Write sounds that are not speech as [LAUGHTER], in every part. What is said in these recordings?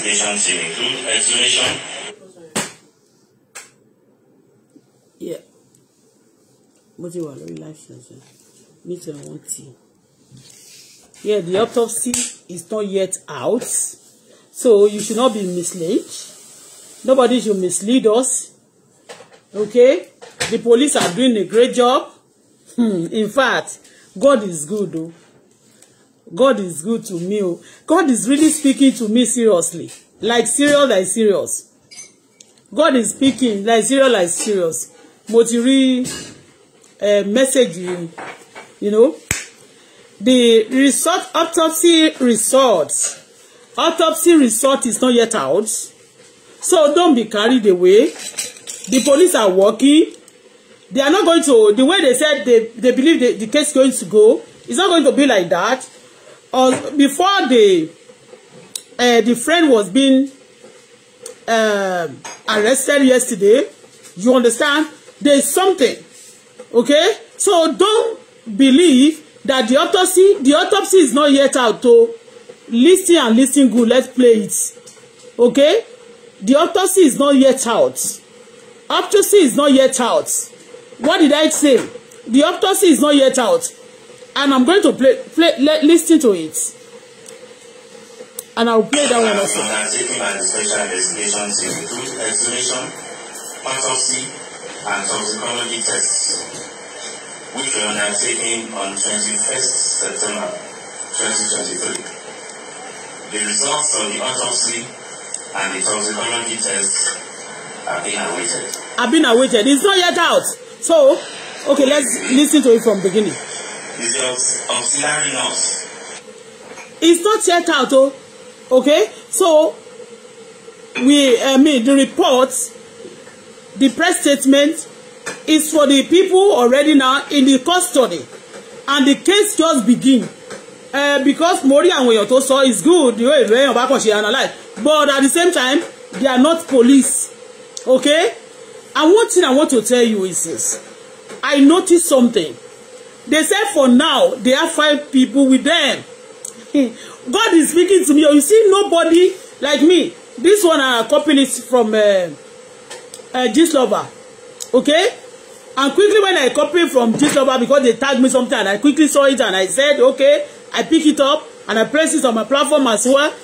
investigations will include exhumation. Yeah. But you are lórí life sensor. Mi ti àwọn tí. Yeah, the autopsy is not yet out. So you should not be misled. Nobody should mislead us. Okay? The police are doing a great job. Hmm. In fact, God is good though. God is good to me God is really speaking to me seriously like serious like serious God is speaking like serious like serious mo ti uh, message you know the result autopsy results. autopsy result is not yet out so don't be carried away the police are working they are not going to the way they said they they believe the, the case is going to go it's not going to be like that uh, before the uh, the friend was being uh, arrested yesterday, you understand? There's something, okay? So don't believe that the autopsy the autopsy is not yet out. So listen and listen good. Let's play it, okay? The autopsy is not yet out. Autopsy is not yet out. What did I say? The autopsy is not yet out and I'm going to play play listen to it and I'll play that one also. And taking an inspection investigation to include exhumation, autopsy, and toxicology tests, which were undertaken on 21st September 2023. The results of the autopsy and the toxicology tests have been awaited. Have been awaited. It's not yet out. So, okay, let's listen to it from beginning is the auxiliary nurse. It's not yet out, oh. Okay, so we, I mean, the report, the press statement is for the people already now in the custody, and the case just begin. Uh, because mo and Weyoto. èèyàn tó is good yóò èrò èèyàn bá kàn ṣe analyse but at the same time they are not police okay and one thing I want to tell you is this I noticed something They say for now, they have five people with them. [LAUGHS] God is speaking to me. You see, nobody like me. This one I copied it from uh, uh, Gislover. Okay? And quickly when I copied from Gislover because they tagged me sometime, I quickly saw it and I said, okay, I pick it up and I place it on my platform as well.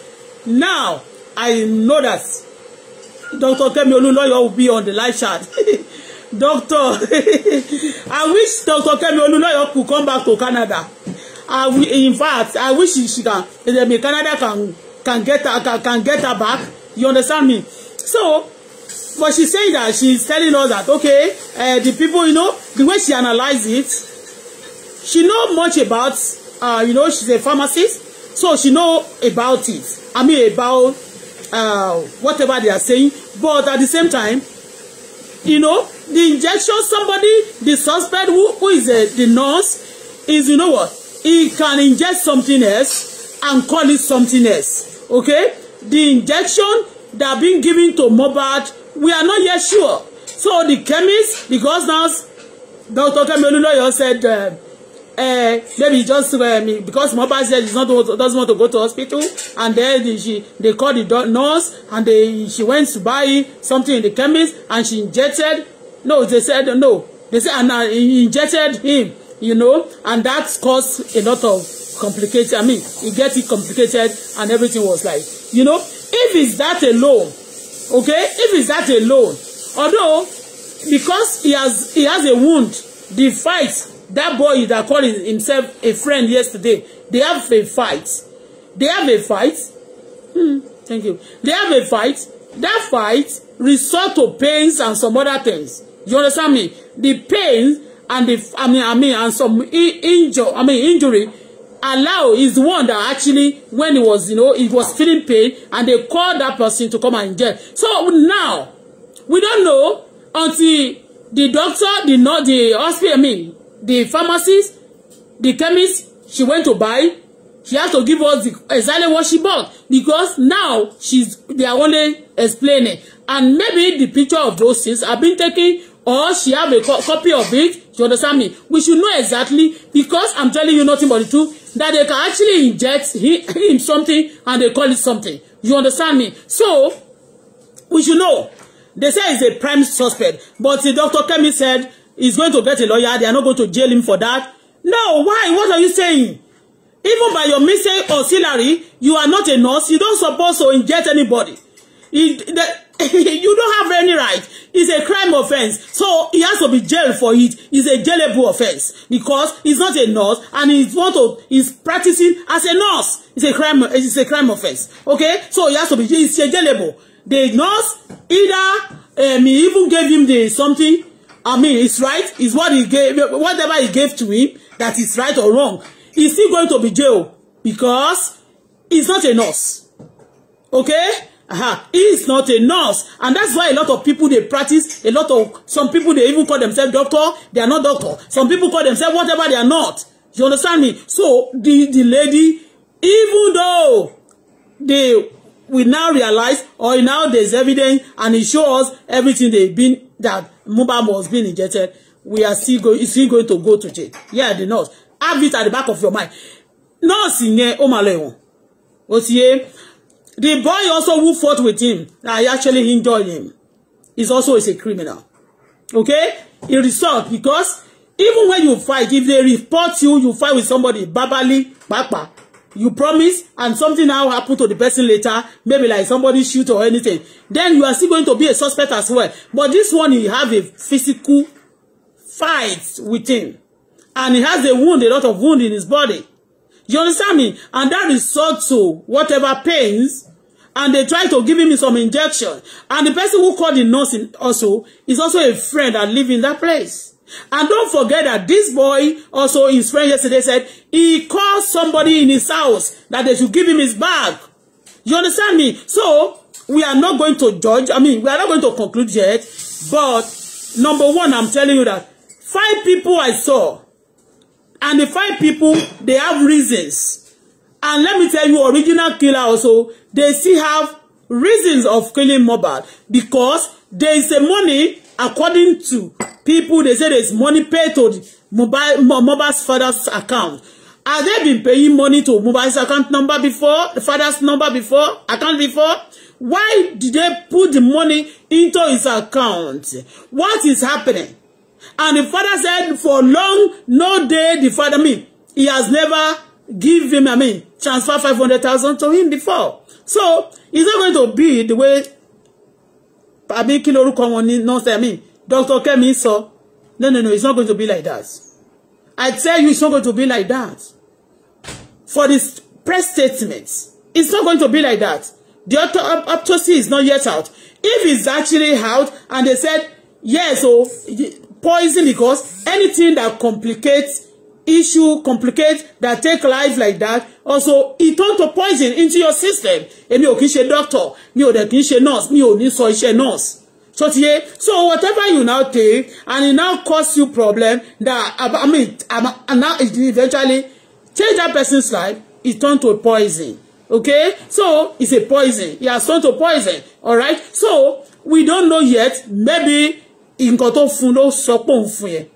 Now, I know that Dr. Kemi Oluloyo will be on the live chat. [LAUGHS] doctor [LAUGHS] i wish Doctor kemi olunloyo could come back to canada i in fact i wish she can maybe canada can can get her can, can get her back you understand me so but she saying that she's telling us that okay uh, the people you know the way she analyze it she know much about uh, you know she's a pharmacist so she know about it i mean about uh, whatever they are saying but at the same time you know, the injection somebody, the suspect who, who is a, uh, the nurse, is, you know what, he can inject something else and call it something else. Okay? The injection that been given to Mohbad, we are not yet sure. So the chemist, because now Dr. Kemi Olunloyo said, uh, uh, maybe just um, because Mohbad said she doesn't want to go to hospital and then she they called the nurse and they she went to buy something in the chemist and she injected no they said no they said and uh, injected him you know and that caused a lot of complications. I mean e get it complicated and everything was like you know if it's that alone okay if it's that alone although because he has he has a wound the fight that boy that called himself a friend yesterday, they have a fight. They have a fight. Hmm, thank you. They have a fight. That fight resort to pains and some other things. You understand me? The pain and the I mean I mean and some injury I mean injury. Allow is the one that actually when he was you know he was feeling pain and they called that person to come and inject. So now we don't know until the doctor, the not the hospital, I mean the pharmacist, the chemist she went to buy, she has to give us the, exactly what she bought because now she's they are only explaining. And maybe the picture of those things have been taken or she have a co copy of it. You understand me? We should know exactly because I'm telling you nothing but the truth that they can actually inject him something and they call it something. You understand me? So we should know. They say he's a prime suspect, but the doctor Kemi said Is going to get a lawyer. They are not going to jail him for that. No, why? What are you saying? Even by your missing auxiliary, you are not a nurse. You don't suppose to inject anybody. You, the, [LAUGHS] you don't have any right. It's a crime offense. So he has to be jailed for it. It's a jailable offense because he's not a nurse and he's want to he's practicing as a nurse. It's a crime it's a crime offense. Okay? So he has to be it's a jailable. The nurse either um, eh, he even gave him the something I mean, it's right. It's what he gave, whatever he gave to him, that is right or wrong. He's still going to be jailed because he's not a nurse. Okay? Uh-huh. He is not a nurse. And that's why a lot of people, they practice, a lot of, some people, they even call themselves doctor. They are not doctor. Some people call themselves whatever they are not. You understand me? So, the, the lady, even though they we now realize or now there's evidence and it shows us everything they've been that Mohbad was being injected, we are still going, is still going to go to jail. Yeah, the nurse. Have it at the back of your mind. Nurse yẹn, ó máa lọ ẹ̀wọ̀n. ti yé. The boy also who fought with him, he actually injured him. He's also is a criminal. Okay? It result because even when you fight, if they report you, you fight with somebody, babali, papa, you promise and something now happen to the person later maybe like somebody shoot or anything then you are still going to be a suspect as well but this one he have a physical fight with him and he has a wound a lot of wound in his body you understand me and that result to whatever pains and they try to give him some injection and the person who called the nurse also is also a friend that live in that place and don't forget that this boy also his friend yesterday said He calls somebody in his house that they should give him his bag. You understand me? So, we are not going to judge. I mean, we are not going to conclude yet. But, number one, I'm telling you that five people I saw, and the five people, they have reasons. And let me tell you, original killer also, they still have reasons of killing mobile because there is a money, according to people, they say there's money paid to mobile mobile's father's account. Have they been paying money to Mohbad's account number before, the father's number before, account before? Why did they put the money into his account? What is happening? And the father said for long, no day, the father, I mean, he has never given him, I mean, transfer 500,000 to him before. So, it's not going to be the way, I mean, kí lorúkọ no, I mean, Dr. Kemi so no, no, no, it's not going to be like that. I tell you, it's not going to be like that for this press statement. It's not going to be like that. The auto autopsy is not yet out. If it's actually out and they said, yes, so oh, poison because anything that complicates issue, complicates that take life like that, also it turn to poison into your system. Èmi ò kìí doctor, mi o dẹ̀ kìí ṣe nurse, mi o ní sọ iṣẹ́ nurse. So tiye, so whatever you now take and it now cause you problem that I mean, and now eventually change that person's life, it turned to a poison. Okay? So, it's a poison. It has turned to poison. Alright? So, we don't know yet. Maybe, in koto fún sopo sọ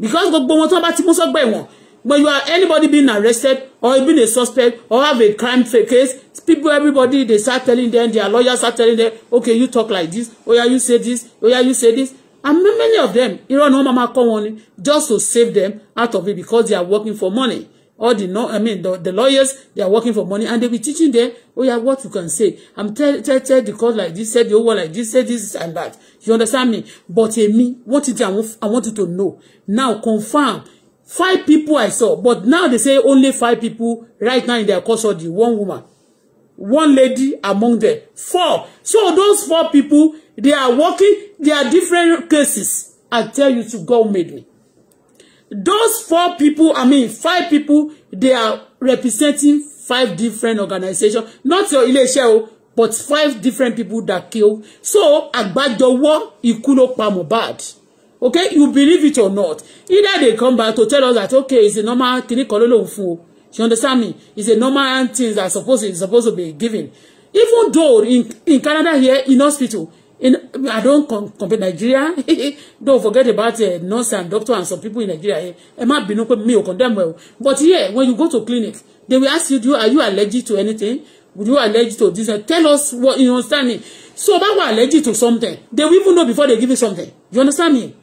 Because gbogbo wọn tó bá ti mú sọ́gbà ẹ̀wọ̀n. When you are anybody being arrested or being a suspect or have a crime case, people, everybody, they start telling them, their lawyers start telling them, okay, you talk like this. Oh yeah, you say this. Oh yeah, you say this. And many of them, irọ́ ni wọ́n máa kọ́ wọn just to save them out of it because they are working for money all the no, I mean the, the lawyers they are working for money and they be teaching them oh yeah what you can say I'm tell tell tell the court like this say the whole world like this say this and that you understand me but me what it I want I want you to know now confirm five people I saw but now they say only five people right now in their custody one woman one lady among them four so those four people they are working they are different cases I tell you to go made me those four people, I mean five people, they are representing five different organizations. Not your ilé but five different people that killed. So àgbájọwọ́ ikú ló pa Mohbad. Okay, you believe it or not. Either they come back to tell us that okay, it's a normal kini kan lóhùn You understand me? It's a normal thing that supposed it's supposed to be given. Even though in in Canada here in hospital in, I don't compare Nigeria. [LAUGHS] don't forget about uh, nurse and doctor and some people in Nigeria. Eh. Ẹ má bínú pé mi ò condemn well. But here, yeah, when you go to clinic, they will ask you, do you are you allergic to anything? Would you allergic to this? Tell us what you understand me. So about what allergic to something, they will even know before they give you something. You understand me?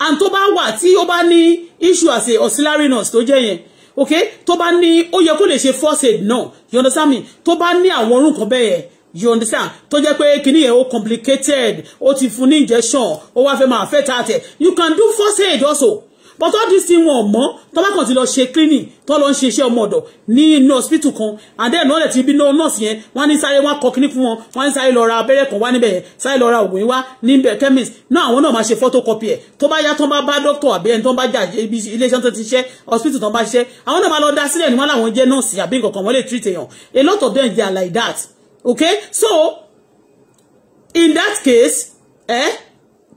And tó bá wà tí ó bá ní issue as a auxiliary nurse tó jẹ́ yẹn okay tó bá ní ó yẹ kó lè ṣe first aid náà you understand me tó bá ní àwọn orun kan bẹ́ẹ̀ yẹn you understand tó jẹ́ pé kíní yẹn ó complicated o ti fún ní injection ó wá fẹ́ máa fẹ́ ta you can do first aid also but all this thing wọn mọ tó bá kàn ti lọ ṣe cleaning tó lọ ń ṣe iṣẹ́ ọmọ ọ̀dọ̀ hospital kan and then all lè ti bí no nurse yẹn wọn ní sáré wọn kọ kíní fún wọn wọn ní sáré lọ ra abẹ́rẹ́ kan wá níbẹ̀ sáré lọ ra oògùn wá níbẹ̀ chemist náà àwọn náà máa ṣe photocopy ẹ̀ tó bá yá tó bá bá doctor àbí ẹni tó bá jà ibi ilé iṣẹ́ tó ti ṣiṣẹ́ hospital tó bá ṣiṣẹ́ àwọn náà máa lọ dá sílẹ̀ ni wọn làwọn jẹ́ nurse àbí nǹkan kan wọn lè treat èèyàn a lot of them they are like that okay so in that case eh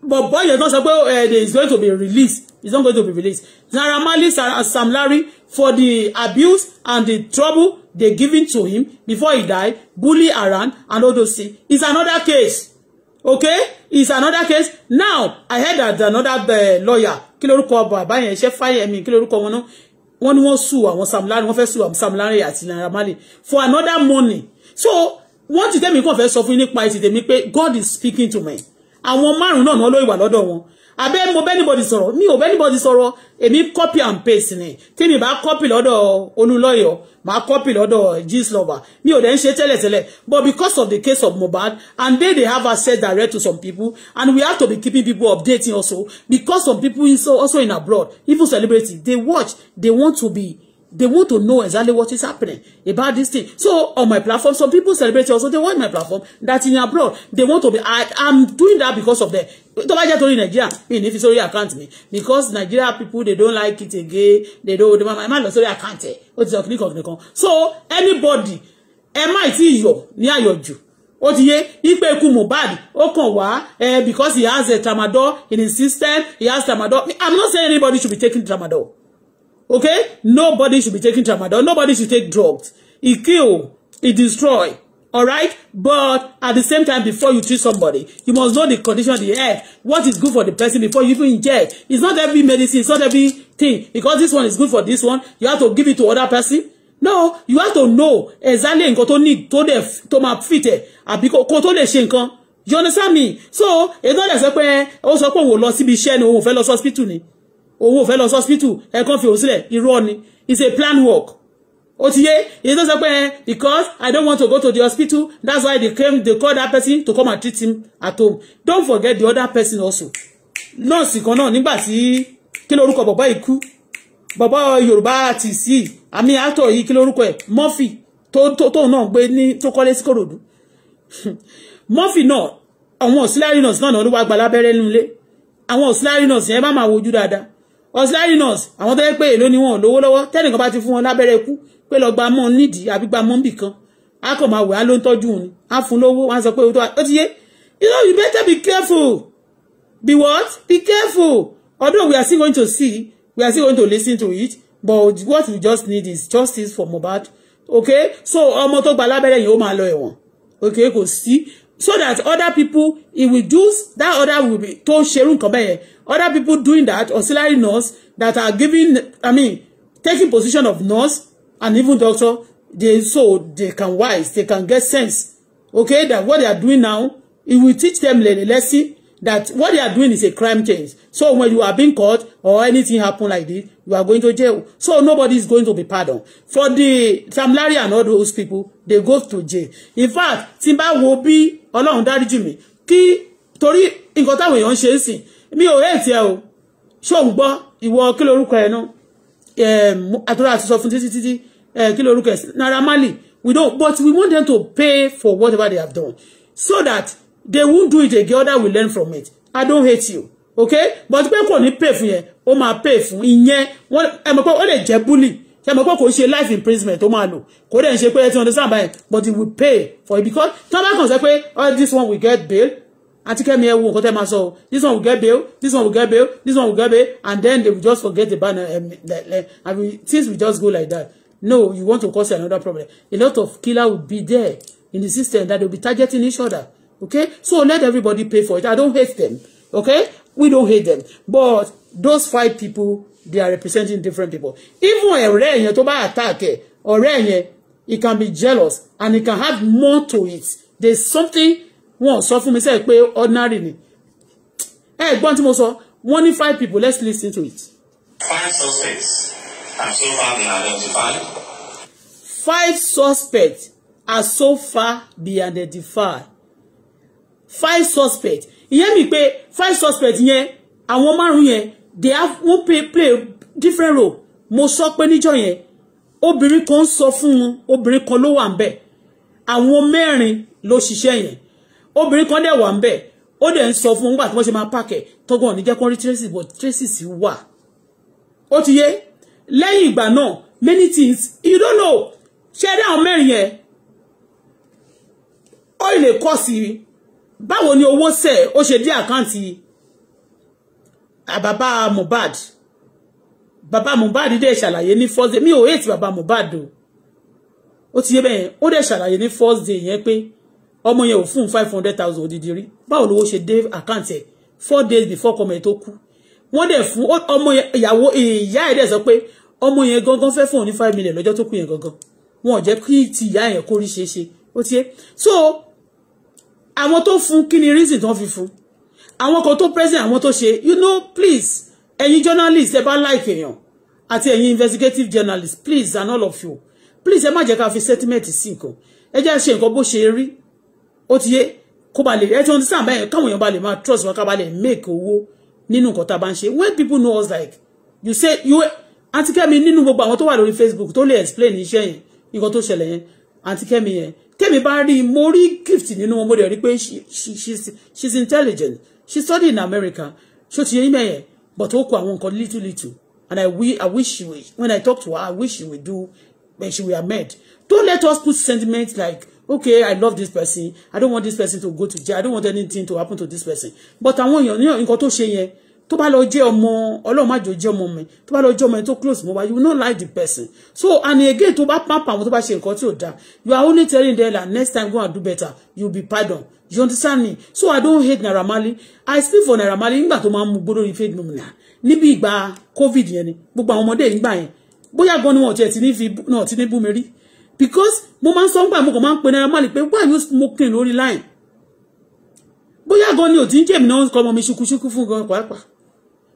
but boy yẹn tó sọ pé he is going to be released he is not going to be released Naira Marley Sam Larry for the abuse and the trouble they giving to him before he die bully around and all those things is another case okay is another case now I heard that another uh, lawyer kí lórúkọ bàbá yẹn ṣe fire mi kí lórúkọ wọn náà wọ́n ní wọ́n sue àwọn Sam Larry wọ́n fẹ́ sue àwọn Sam Larry àti Naira Marley for another money so wọ́n ti tẹ́mi kàn fẹ́ sọ fún yín nípa ètò tèmi pé God is speaking to me àwọn márùn náà ló ìwà lọ́dọ̀ wọn abẹ́ mo bẹ́ anybody sọ̀rọ̀ mi ò bẹ́ anybody sọ̀rọ̀ èmi copy and paste ni tèmi bá copy lọ́dọ̀ olúlọ́yọ̀ màá copy lọ́dọ̀ Gistlover mi ò dẹ̀ ń ṣe tẹ́lẹ̀tẹ́lẹ̀ but because of the case of Mohbad and they dey have access direct to some people and we have to be keeping people updating also because some people also in abroad even celebrity, they watch they want to be They want to know exactly what is happening about this thing. So on my platform, some people celebrate also. They want my platform that in abroad they want to be. I am doing that because of the. Don't I jẹ́ torí Nàìjíríà mi ní fi I can't mi because Nigeria people they don't like it again they don't they máa lọ sórí àkáǹtì ẹ̀ ó ti sọ kíníkan kíníkan so anybody ẹ má ti yọ̀ ní àyọ̀jù ó ti yé ipe ikú Mohbad ó kàn wá because he has a tramadol in his system he has tramadol I'm not saying anybody should be taking tramadol Okay? Nobody should be taking tramadol. Nobody should take drugs. It kill. It destroy. All right? But at the same time, before you treat somebody, you must know the condition of the health. What is good for the person before you even inject. It's not every medicine. It's not every thing. Because this one is good for this one. You have to give it to other person. No, you have to know exactly nǹkan tó need tó dẹ̀ tó máa fit ẹ̀ àbí kó tó You understand me? So, it's not as a ó Also, pé òun ò lọ síbi iṣẹ́ ni òun ò hospital owó fẹ́ lọ hospital, ẹ̀kọ́ fi òun sílẹ̀ irọ́ ni it's a plan work ó ti yé èyí tó sọ pé because I don't want to go to the hospital that's why they came they called that person to come and treat him at home don't forget the other person also nọ́ọ̀sì kan náà nígbà tí kí lórúkọ bàbá yìí kú bàbá Yorùbá àti sí àmì àtọ̀ yìí kí lórúkọ ẹ̀ Murphy tóun náà gbé ní tó kọ́lé sí Kòròdú [LAUGHS] Murphy náà àwọn auxiliary nurse náà ló wá gba lábẹ́rẹ́ nílé àwọn auxiliary nurse yẹn bá máa wojú dáadáa ọ̀sìlárì àwọn tó yẹ pé èlò ni wọn ò lówó lọ́wọ́ tẹ́nìkan bá ti fún wọn lábẹ́rẹ́ ikú pé lọ gba mọ́ nídìí àbí gba mọ́ níbì kan á kàn máa wẹ̀ á ló ń tọ́jú òun á fún lówó á sọ pé ó ti yé you know you better be careful be what be careful although we are still going to see we are still going to listen to it but what we just need is justice for Mohbad okay so ọmọ tó gba lábẹ́rẹ́ yìí ó máa lọ ẹ̀wọ̀n okay kò sí so that other people if we do that other will be tó ṣerú nǹkan bẹ́ẹ̀ Other people doing that, auxiliary nurse, that are giving, I mean, taking position of nurse and even doctor, they so they can wise, they can get sense. Okay, that what they are doing now, it will teach them Let's see that what they are doing is a crime change. So when you are being caught or anything happen like this, you are going to jail. So nobody is going to be pardoned. For the Sam and all those people, they go to jail. In fact, tí will be along. bí Ọlọ́run dáríjì torí nǹkan táwọn èèyàn ń ṣe é sìn mi ò hẹ́ẹ̀ tiẹ̀ o ṣó ń gbọ́ ìwọ kí lorúkọ ẹ̀ náà àtúrà àti sọ fún títí títí kí lorúkọ ẹ̀ Naira Marley we don't but we want them to pay for whatever they have done so that they won't do it again other we learn from it I don't hate you okay but pé kò ní pay fún yẹn ó máa pay fún ìyẹn wọn ẹ mọ̀ pé ó lè jẹ́ bully ṣe mọ̀ pé kò ṣe life imprisonment tó máa lò kò dẹ̀ ń ṣe pé ẹ ti understand by it but he will pay for it because tí wọ́n bá kàn sọ pé all oh, this one will get bail àti kẹ́mi ẹ wo nǹkan tẹ́ máa sọ this one will get bail this one will get bail this one will get bail and then they will just forget about um, the, the, I mean, things will just go like that no you want to cause another problem a lot of killer will be there in the system that they will be targeting each other okay so let everybody pay for it I don't hate them okay we don't hate them but those five people they are representing different people even ọ̀rẹ́ yẹn tó bá attack ẹ ọ̀rẹ́ he can be jealous and he can have more to it there's something wọn ò sọ mi sẹ́yìn pé ordinary ni ẹ gbọ́n tí mo sọ wọ́n ní five people let's listen to it. five suspects have so far been identified. five suspects have so far been identified. five suspects ìyẹn mi pé five suspects yẹn àwọn márùn yẹn they have wọ́n play play different role mo sọ pé níjọ́ yẹn obìnrin kan sọ fún un obìnrin kan ló wà ń bẹ̀ àwọn mẹ́rin ló ṣiṣẹ́ obìnrin kan dẹ̀ wà ń bẹ̀ ó dẹ̀ ń sọ fún un nígbà tí wọ́n ṣe máa pàkẹ́ tọ́gbọ́n ní jẹ́ kó rí tracy but tracy sì wà ó ti yé lẹ́yìn ìgbà náà many things you don't know ṣe é dé àwọn mẹ́rin yẹn ó lè kọ́ sí báwo ni owó sẹ̀ ó ṣe dé àkáǹtì àbàbà Mohbad bàbá Mohbad dẹ̀ ṣàlàyé ní first day mi ò hate bàbá Mohbad o ó ti yé bẹ́ẹ̀ ó dẹ̀ ṣàlàyé ní first day yẹn pé ọmọ yẹn ò fún five hundred thousand odidi rí báwo lówó ṣe dé àkáǹtì ẹ̀ four days before kọmọ yẹn tó kú wọ́n dẹ̀ fún ọmọ yẹn ìyàwó ìyá ẹ̀ dẹ̀ sọ pé ọmọ yẹn gangan fẹ́ fún òun five million lọ́jọ́ tó kú yẹn gangan wọn ò jẹ́ kí ti ìyá yẹn kórí ṣeé ṣe ó tiẹ̀ so àwọn tó fún kí ni reason tó fi fún àwọn kan tó present àwọn tó ṣe you know please ẹ̀yin journalist ẹ bá like èèyàn àti ẹ̀yin investigative journalist please and all of you please ẹ má jẹ́ ká fi sentiment sí nǹkan ẹ jẹ́ ṣe nǹkan bó ṣe rí ó ti yé kó ba lè ẹ tí wọn ti sàn báyẹn káwọn èèyàn ba lè máa trust wọn ká ba lè make owó nínú nǹkan tá a bá ń ṣe when people know us like you say you àǹtí kẹ́mi nínú gbogbo àwọn tó wà lórí Facebook tó lè explain iṣẹ́ yẹn nǹkan tó ṣẹlẹ̀ yẹn àǹtí kẹ́mi yẹn tẹ́mi bá rí i mo rí gift nínú wọn mo dẹ̀ rí pé she is intelligent she study in America ṣó ti yẹ yín mẹ́yẹn but ó kọ àwọn nǹkan little little and I, we, I wish she will when I talk to her I wish she will do when she will amend don't let us put sentiment like okay i love this person i don't want this person to go to jail i don't want anything to happen to this person but àwọn èèyàn ní nǹkan tó ṣe yẹn tó bá lọ jẹ́ ọmọ ọlọ́run má jò jẹ́ ọmọ mi tó bá lọ jẹ́ ọmọ ẹni tó close mọ́ wa you no like the person so and again tó bá pàpà àwọn tó bá ṣe nǹkan tí ò dáa you are only telling them that next time go and do better you be pardon you understand me so i don't hate naira marley i speak for naira marley nígbà tó máa ń mu gbódò ní fake mumina níbi ìgbà covid yẹn ni gbogbo àwọn ọmọdé yìí gbà yẹn bóyá gan ni wọn ò tiẹ̀ ti ní fi náà ti ní bú mi rí because mo máa ń sọ nígbà mo kàn máa ń pe Naira Marley why you smoking lórí line bóyá gan ni ò ti ń jẹ́ mi náà kọ́ ọmọ mi ṣukúṣukú fún gan pàápàá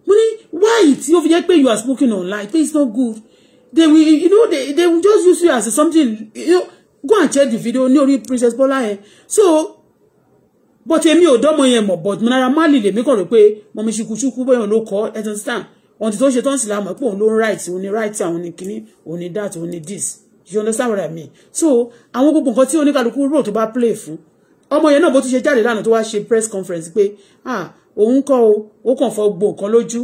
mo why tí ó fi jẹ́ pé you are smoking online pé it's not good they will you know they, they will just use you as something you know go and check the video ní orí Princess Bola yẹn so but èmi ò dọ́mọ yẹn mọ̀ but Naira Marley lèmi kàn rò pé mọ̀ mi ṣukúṣukú bóyá ló kọ́ ẹ̀ tó ń stamp wọn ti tó ṣe tó ń sì lámọ̀ pé On ló ń on òun ni right àwọn ni kinní òun ni that on ni this you understand what I mean so àwọn gbogbo nǹkan tí oníkàlùkù rò tó bá play fún ọmọ yẹn náà bó tún ṣe jáde lánàá tó wá ṣe press conference pé ah òun kọ́ o ó kàn fọ gbogbo nǹkan lójú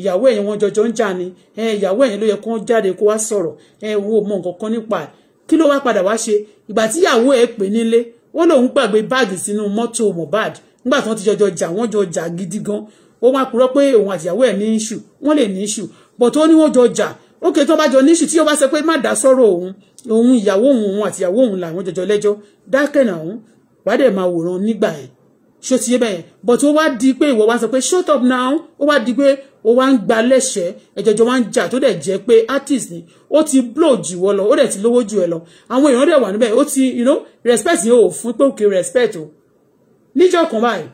ìyàwó ẹ̀yìn wọn jọjọ ń jà ni ìyàwó ẹ̀yìn ló yẹ kó jáde kó wá sọ̀rọ̀ òun ò mọ nǹkan kan nípa ẹ̀ kí ló wá padà wá ṣe ìgbà tí ìyàwó ẹ̀ pè nílé wọ́n lòun gbàgbé báàgì sínú mọ́tò Mohbad nígbà tí wọ́n ti jọjọ jà wọ́n jọ jà gidi gan ó wá purọ́ pé òun àtìyàwó ẹ̀ ní issue wọ́n lè ní issue but ó ní wọ́n jọ jà ókè tó bá jọ níṣù tí ó bá sọ pé má dá sọ́rọ̀ òun òun ìyàwó òun òun àti ìyàwó òun làwọn jọjọ lẹ́jọ́ dákẹ́nà òun wàá dẹ̀ máa wòran nígbà yẹn ṣó ti yé bẹ́ẹ̀ but ó wá di pé ìwọ wá sọ pé shut up now ó wá di pé ó wá ń gba lẹ́sẹ̀ ẹ̀jọ̀jọ̀ wá ń jà tó dẹ̀ jẹ́ pé artist ni ó ti blow jù wọ́ lọ ó dẹ̀ ti lówó jù ẹ lọ àwọn èèyàn dẹ̀ wà níbẹ̀ ó ti you know respect yẹn ò fún pé òkè respect o níjọ́ kan báyìí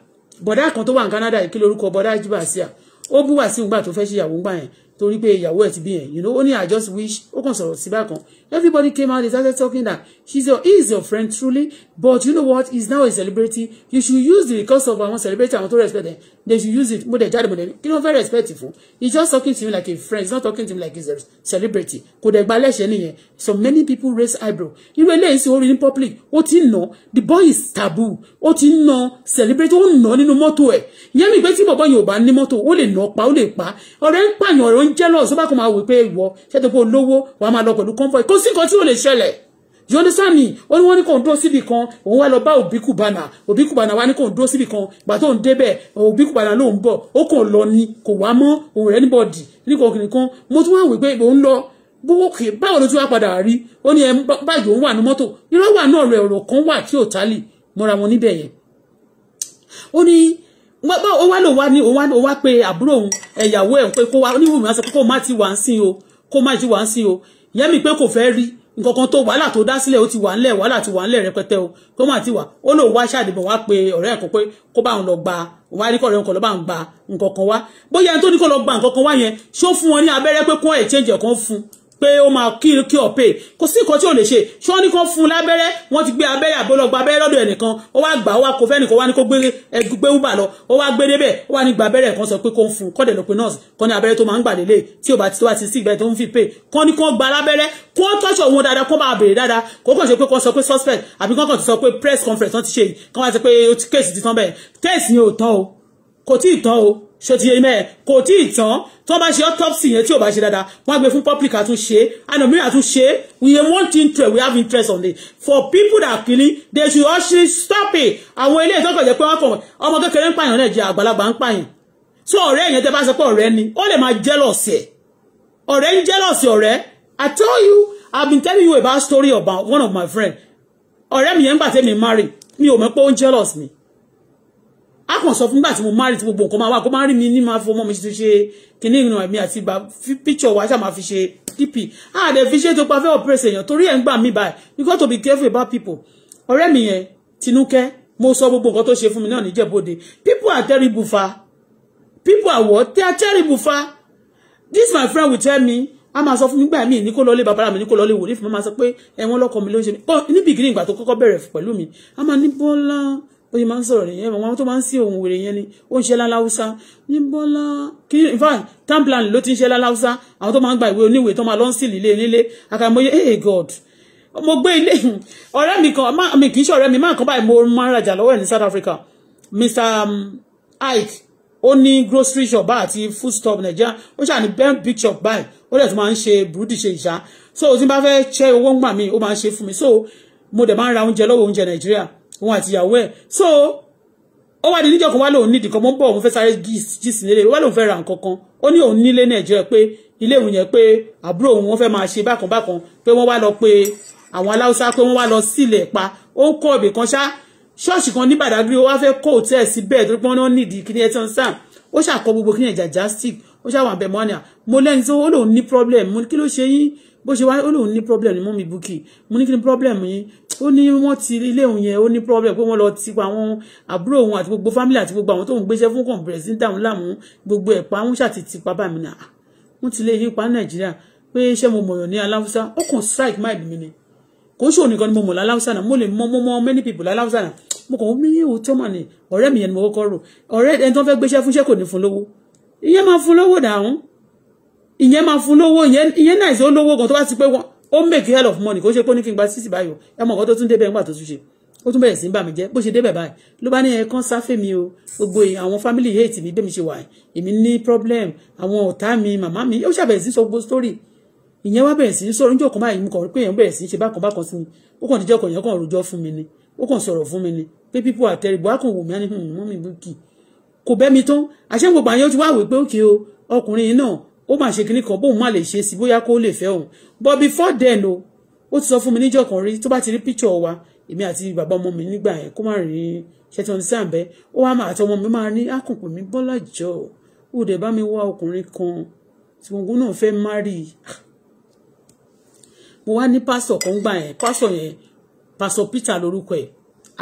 bọ̀dá kan tó wà ní Canada yìí kí lorúkọ bọ̀dá jù bá sí à ó bú wá sí ìgbà tó fẹ́ ṣe ìyàwó ńgbà yẹn torí pé ìyàwó ẹ̀ ti bí yẹn you know ó ní i just wish ó kàn sọ̀rọ̀ sí bákan Everybody came out, they started talking that he's your, he is your friend truly, but you know what? He's now a celebrity. You should use the because of our celebrity, I want to respect them. They should use it. Mo dẹ̀ Very respectful. He's just talking to him like a friend. He's not talking to him like he's a celebrity. Kò dẹ̀ gba lẹ́sẹ̀ So many people raise eyebrow. You eléyìí sì orí in public. What you know? The boy is taboo. What you know? celebrity. Ó ń nà nínú mọ́tò ẹ̀. Ìyẹn mi pé tí bọ̀bọ̀ yóò bá ní mọ́tò, ó lè nà pa, ó lè pa. Ọ̀rẹ́ ń pààyàn, ọ̀rẹ́ ń jealous. Ó bá kàn máa wò war. Set up tó pé olówó, wàá máa lọ pẹ̀lú comfort. Kó sí nǹkan tí ò lè ṣẹlẹ̀ you understand me ó ní wọ́n ní kò ń dúró síbì kan òun wá lọ bá òbí kùbánà òbí kùbánà wá ní kò ń dúró síbì kan ìgbà tó ń débẹ̀ òbí kùbánà ló ń bọ̀ ó kàn lọ ni kò wá mọ́ òun rẹ̀ níbọ̀dì nígbà òkìrì kan mo tún wá wí pé òun lọ bówó kè báwo ló tún wá padà rí ó ní ẹ báyìí òun wà ní mọ́tò irọ́ wà náà rẹ̀ ọ̀rọ̀ kan wà tí ò tálì mọ́ra wọn níbẹ̀ yẹn ó ní ó wá lò wá ní ó wá pé àbúrò òun ẹ̀yàwó ẹ̀ pé kó wá oníwùmí wá sọ pé kó má ti wà ń sìn o kó má ti wà ń sìn o yẹ́mi pé kò fẹ́ rí nǹkan kan tó wàhálà tó dá sílẹ̀ ó ti wà ńlẹ̀ wàhálà ti wà ńlẹ̀ rẹpẹtẹ o tó mà ti wà ó lòun wá ṣàdìbò wá pé ọ̀rẹ́ ẹ̀kọ́ pé kó bá òun lọ gba wá ní kọ̀ọ̀rẹ́ ọkọ̀ ló ń gba nǹkan kan wá bóyá ẹni tó ní kó lọ gba nǹkan kan wá yẹn ṣó fún wọn ní abẹ́rẹ́ pé kó exchange kan fún pé ó máa kí kí ọ pé kò sí nǹkan tí ò lè ṣe ṣé ní kán fún un lábẹ́rẹ́ wọ́n ti gbé abẹ́rẹ́ àbólọgba abẹ́rẹ́ lọ́dọ̀ ẹnìkan ó wá gbà ó wá kó fẹ́nìkan ó wá ní kó gbé wúbà lọ ó wá gbé débẹ̀ ó wá ní gba abẹ́rẹ́ kan sọ pé kó ń fún un kọ́dẹ̀ lọ pé nọ́ọ̀sì kan ní abẹ́rẹ́ tó máa ń gbà lélẹ̀ tí ò bá ti wá ti sí ìgbà tó ń fi pè kan ní kán gba lábẹ́rẹ́ kó tọ́jú òun dáadáa kó máa béèrè dáadáa kó kàn ṣe pé kó sọ pé suspect àbí kán kàn ti sọ pé press conference wọ́n ti ṣe yìí kán wá ti pé case ti tán bẹ́ẹ̀ kéèsì yẹn ò tán o kò tí ì tán o ṣó ti yé mẹ́ẹ̀ kò tí ì tán tó bá ṣe autopsy yẹn tí ò bá ṣe dáadáa wọ́n á gbé fún public àtúnṣe anomi àtúnṣe we want interest we have interest on it for people that killing they should actually stop it àwọn ilé ìtọ́kọ̀ jẹ́ pé wọ́n kàn ọmọ kékeré ń pààyàn náà jẹ́ àgbàlagbà ń pààyàn tí ọ̀rẹ́ yẹn tẹ́ bá sọ pé ọ̀rẹ́ ni ó lè máa jealous ẹ̀ ọ̀rẹ́ ń jealous ọ̀rẹ́ I tell you I've been telling you about story about one of my friend ọ̀rẹ́ mi yẹn ń gbà tẹ́mi marry mi ò mọ̀ pé ó jealous me a kàn sọ fún nígbà tí mo marry tí gbogbo nǹkan máa wà kó máa rí mi ní máa fọmọ mi ṣe kíní ìrìn àmì àti ìgbà picture wa ṣáà máa fi ṣe dp a dẹ̀ fi ṣe tó pa fẹ́ ọ̀pẹ̀rẹ̀sì èèyàn torí ẹ̀ ń gbà mí báyìí you got to be careful about people ọ̀rẹ́ mi yẹn Tinuke. mo sọ gbogbo nǹkan tó ṣe fún mi náà níjẹ̀bọ́dé people are terrible fa people are what they are terrible fa this my friend will tell me a máa sọ fún mi gbà mí ní kó lọlé bàbá mi ní kó lọlé wòlíì fún mi máa sọ pé ẹ̀wọ̀n lọ́kọ mi ló ń ṣe mí bọ́ ní bìgínì ìgbà tó kọ́kọ́ bẹ̀rẹ̀ pẹ̀lú mi a máa ní bọ́lá ó ṣe máa ń sọ̀rọ̀ nìyẹn àwọn tó máa ń sí ohun wèrè yẹn ni ó ń ṣe láláwúsá ní bọ́lá kí in fact town ló ti ń ṣe láláwúsá àwọn tó máa ń gba ìwé oníwèé tó máa lọ sí ilé nílé àkàmọye hey eh, eh, god mo gbé ilé ọ̀rẹ́ mi kan mi kì í ṣe ọ̀rẹ́ mi máa kan báyìí mo máa ń rajà lọ́wọ́ ẹ̀ ní South Africa Mr um, Ike ó ní grocery shop báyìí àti food stop Nigeria ó ṣàní bend big shop báyìí ó dẹ̀ tún máa ń ṣe burúdì ṣe ìṣá so tí n bá fẹ́ ṣẹ́ owó so mo dẹ̀ máa ń ra oúnjẹ òun àti ìyàwó ẹ̀ so ó wá di níjọ́ kan wá lóun nídìí kan mọ́ bọ̀ òun fẹ́ sáré jíìsì nílé wá lóun fẹ́ ra nǹkan kan ó ní òun nílé nàìjíríà pé ilé ìwé yẹn pé àbúrò òun wọ́n fẹ́ máa ṣe bákan bákan pé wọ́n wá lọ pé àwọn aláwùsá pé wọ́n wá lọ sílẹ̀ pa ó kọ́ ọ̀bẹ kan ṣá ṣọ́ọ̀ṣì kan ní Badagry ó wá fẹ́ kó òtẹ́ẹ̀ síbẹ̀ tó pọ́n náà nídìí kí ni ẹ tán sáà ó ṣàkọ gbogbo kí ni ẹ̀jà jastic ó ṣàwọn àbẹ̀mọ́ ni à mo lẹ́ni tó ó lòun ní problem mo ní kí ló ṣe yín bó ṣe wá ó lòun ní problem ni mú mi bukì mo ní kí ni problem yín ó ní wọ́n ti ilé òun yẹn ó ní problem pé wọ́n lọ ti pa àwọn àbúrò òun àti gbogbo family àti gbogbo àwọn tó ń gbéṣẹ́ fún kọ̀ǹpẹ̀rẹ̀ sí dáhùn láàmú gbogbo ẹ̀ pa wọ́n ṣàti ti pa bàmí náà ah, wọ́n ti lé yípa nàìjíríà pé iṣẹ́ mo mọ̀yàn ní aláwùsá ó kàn strike máa bì mí ni kò ń ṣòwò nìkan ni mo mọ̀ láláwùsá náà mo lè mọ mo mọ many people láláwùsá náà mo kàn mí ò tọ́ mọ̀ ni ọ̀rẹ́ mi yẹn ni mo kọ́kọ́ rò ọ̀rẹ́ ẹni tó ń fẹ́ gbéṣẹ́ fúnṣẹ́ kò ní fún lówó ìyẹn máa fún lówó dàrún ìyẹn máa fún lówó ìyẹn náà ìṣó lówó kan tó bá ti pé wọn ó make hell of money kò ṣe pé ó ní kí n gba sísì báyìí o ẹ mọ̀ nǹkan tó tún débẹ̀ ńgbà tó tún ṣe ó tún bẹ̀rẹ̀ sí ń bà mí jẹ́ bó ṣe débẹ̀ báyìí ló bá ní ẹ̀ẹ̀kan sáfẹ́ mi o gbogbo àwọn family hate mi bẹ́ẹ̀ mi ṣe wà èmi ní problem àwọn ọ̀tá mi màmá mi ó ṣàbẹ̀rẹ̀ sí sọ gbogbo story ìyẹn wá bẹ̀rẹ̀ sí sọ oúnjẹ ọ̀kan báyìí mo kàn rí pé èèyàn bẹ̀rẹ̀ sí ṣe bákan bákan sí mi ó kàn díjọ́ kan èèyàn kàn rojọ́ fún mi ni ó kàn sọ̀rọ̀ fún mi ni pé people are terrible á kàn wò mí á ní mọ́ hmm, mi bú kì kò bẹ́mi tán àṣẹ gbogbo àyẹ̀wò ti wá wò pé ọkùnrin náà ó mà ṣe kinní kan bóun má lè ṣe sí bóyá kó lè fẹ́ òun but before then o ó ti sọ fún mi níjọ́ kan rí tó bá ti rí picture wa èmi àti bàbá ọmọ mi nígbà yẹn kó má rí ṣẹ́tí ọdún sáà bẹ́ẹ̀ ó wá máa àtọmọ mi máa ní àkànpọ̀ mi bọ́lá jọ ó dẹ̀ bá mi wá ọkùnrin kan tí gbogbo náà fẹ́ má rí i mo wá ní pásítọ̀ kan gbà yẹn pásítọ̀ yẹn pásítọ̀ Peter lórúkọ ẹ̀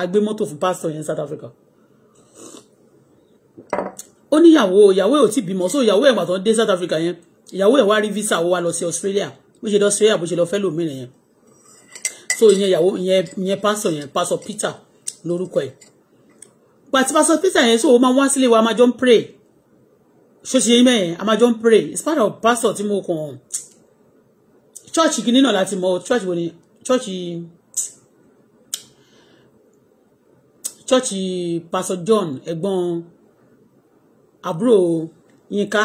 a gbé mọ́tò fún pásítọ̀ yẹn South Africa ó níyàwó ìyàwó ẹ̀ ò tí bímọ so ìyàwó ẹ̀ pàtó dé South Africa yẹn ìyàwó ẹ̀ wá rí visa ó wá lọ sí Australia bó ṣe lọ Australia bó ṣe lọ fẹ́ lòmìnira yẹn so ìyẹn ìyàwó ìyẹn ìyẹn pásítọ̀ yẹn pásítọ̀ Peter lórúkọ ẹ̀ pàtí pásítọ̀ Peter yẹn so ó máa wá sílé wa a máa jọ ń pray ṣoṣe yín mẹ́yẹn a máa jọ ń pray it's part of pastor tí mo kàn church kìíní náà láti mọ church wo ni church church pastor John ẹ̀gbọ́n. E àbúrò Yínká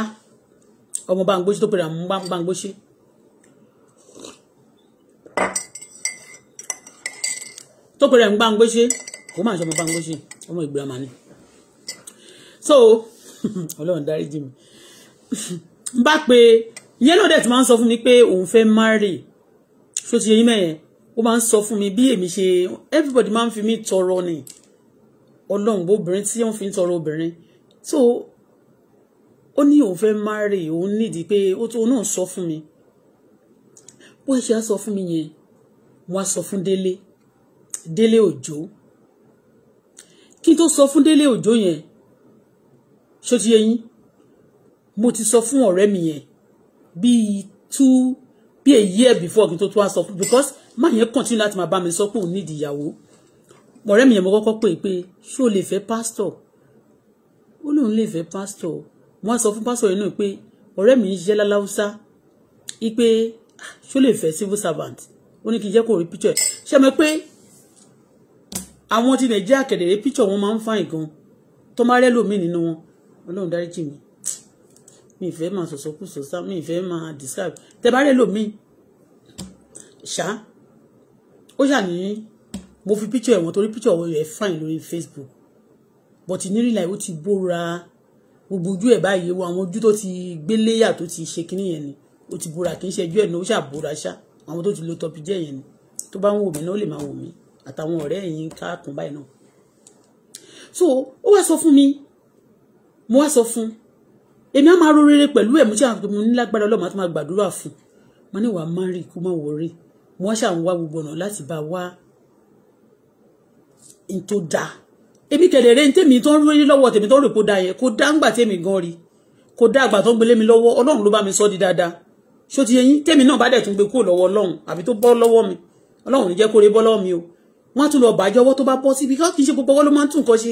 ọmọ Báńgbóṣe tó pèrè àwọn Báńgbóṣe. tó pèrè àwọn Báńgbóṣe kò máa ṣe ọmọ Báńgbóṣe ọmọ ìgbìmọ̀ ni. so [LAUGHS] ọlọ́run dáríjì mi n bá pe yẹn ló máa ń sọ fún mi pé òun fẹ́ marry ṣó ti yẹ yín mẹ́yẹn ó máa ń sọ fún mi bí èmi ṣe everybody máa ń fi mí tọrọ ni ọlọ́run bó obìnrin tí wọ́n fi ń tọrọ obìnrin so ó ní òun fẹ́ marry òun nídìí pé ó tó náà sọ fún mi bó ṣe á sọ fún mi yẹn wọ́n á sọ fún délé délé òjò kí n tó sọ fún délé òjò yẹn ṣó ti yé mo ti sọ fún ọ̀rẹ́ mi yẹn bíi two bí a year before kí n tó tó wá sọ fún because má yẹn continue láti máa bá mi sọ pé òun nídìí ìyàwó ọ̀rẹ́ mi yẹn mo kọ́kọ́ pè é pé ṣó lè fẹ́ pásítọ̀ ó lóun lè fẹ́ pásítọ̀ wọ́n sọ fún pásọ̀ yìí náà pé ọ̀rẹ́ mi ń ṣiṣẹ́ láláúsá ipe ah, ṣó lè fẹ́ civil servant ó ní kí n jẹ́ kó rí píchọ̀ ẹ̀ ṣe mọ̀ pé àwọn ti nàìjíríà kẹ̀dẹ̀rẹ́ píchọ̀ wọn máa ń fàìn gan tó máa rẹ́ lómi nínú wọn ọlọ́run dáríjì mi mi ìfẹ́ máa sọ̀sọ́kù sọ́sá mi ìfẹ́ máa describe tẹ bá rẹ́ lómi ṣá ó ṣàní mo fi píchọ̀ ẹ̀ wọn torí píchọ̀ ẹ̀ Facebook but ní rí gbogbo ojú ẹ̀ báyìí wo àwọn ojú tó ti gbé léyà tó ti ṣe kínní yẹn ni ó ti búra kì í ṣẹjú ẹ̀ ní ó ṣàbúra ṣá àwọn tó ti lo tọpi jẹ́ yẹn ni tó bá ń wò mí náà ó lè máa wò mí àtàwọn ọ̀rẹ́ ẹ̀yìn káàkùn báyìí náà. so ó wá sọ fún mi mo wá sọ fún èmi á máa ro rere pẹ̀lú ẹ̀ mo ṣe àwọn mo ní lágbára ọlọ́mọ àti máa gbàdúrà fún mo ní wàá márì kó má wọrí mo wá ṣàwọn wá gbogbo ọ̀nà láti bá wá n tó dáa Ebi kẹ̀dẹ̀rẹ́ ní tèmi tó ń rí lọ́wọ́ tèmi tó ń rò kó da yẹn kó dá ń gbà tèmi gan rí kó dá àgbà tó ń gbélé mi lọ́wọ́ ọlọ́run ló bá mi sọ di dáadáa ṣó ti yẹn tèmi náà bá dẹ̀ tún gbé kúrò lọ́wọ́ ọlọ́run àbí tó bọ́ lọ́wọ́ mi ọlọ́run ní jẹ́ kó rí bọ́ lọ́wọ́ mi o wọ́n á tún lọ bàjẹ́ ọwọ́ tó bá bọ́ síbi kí n ṣe gbogbo ọwọ́ ló máa ń tún nǹkan ṣe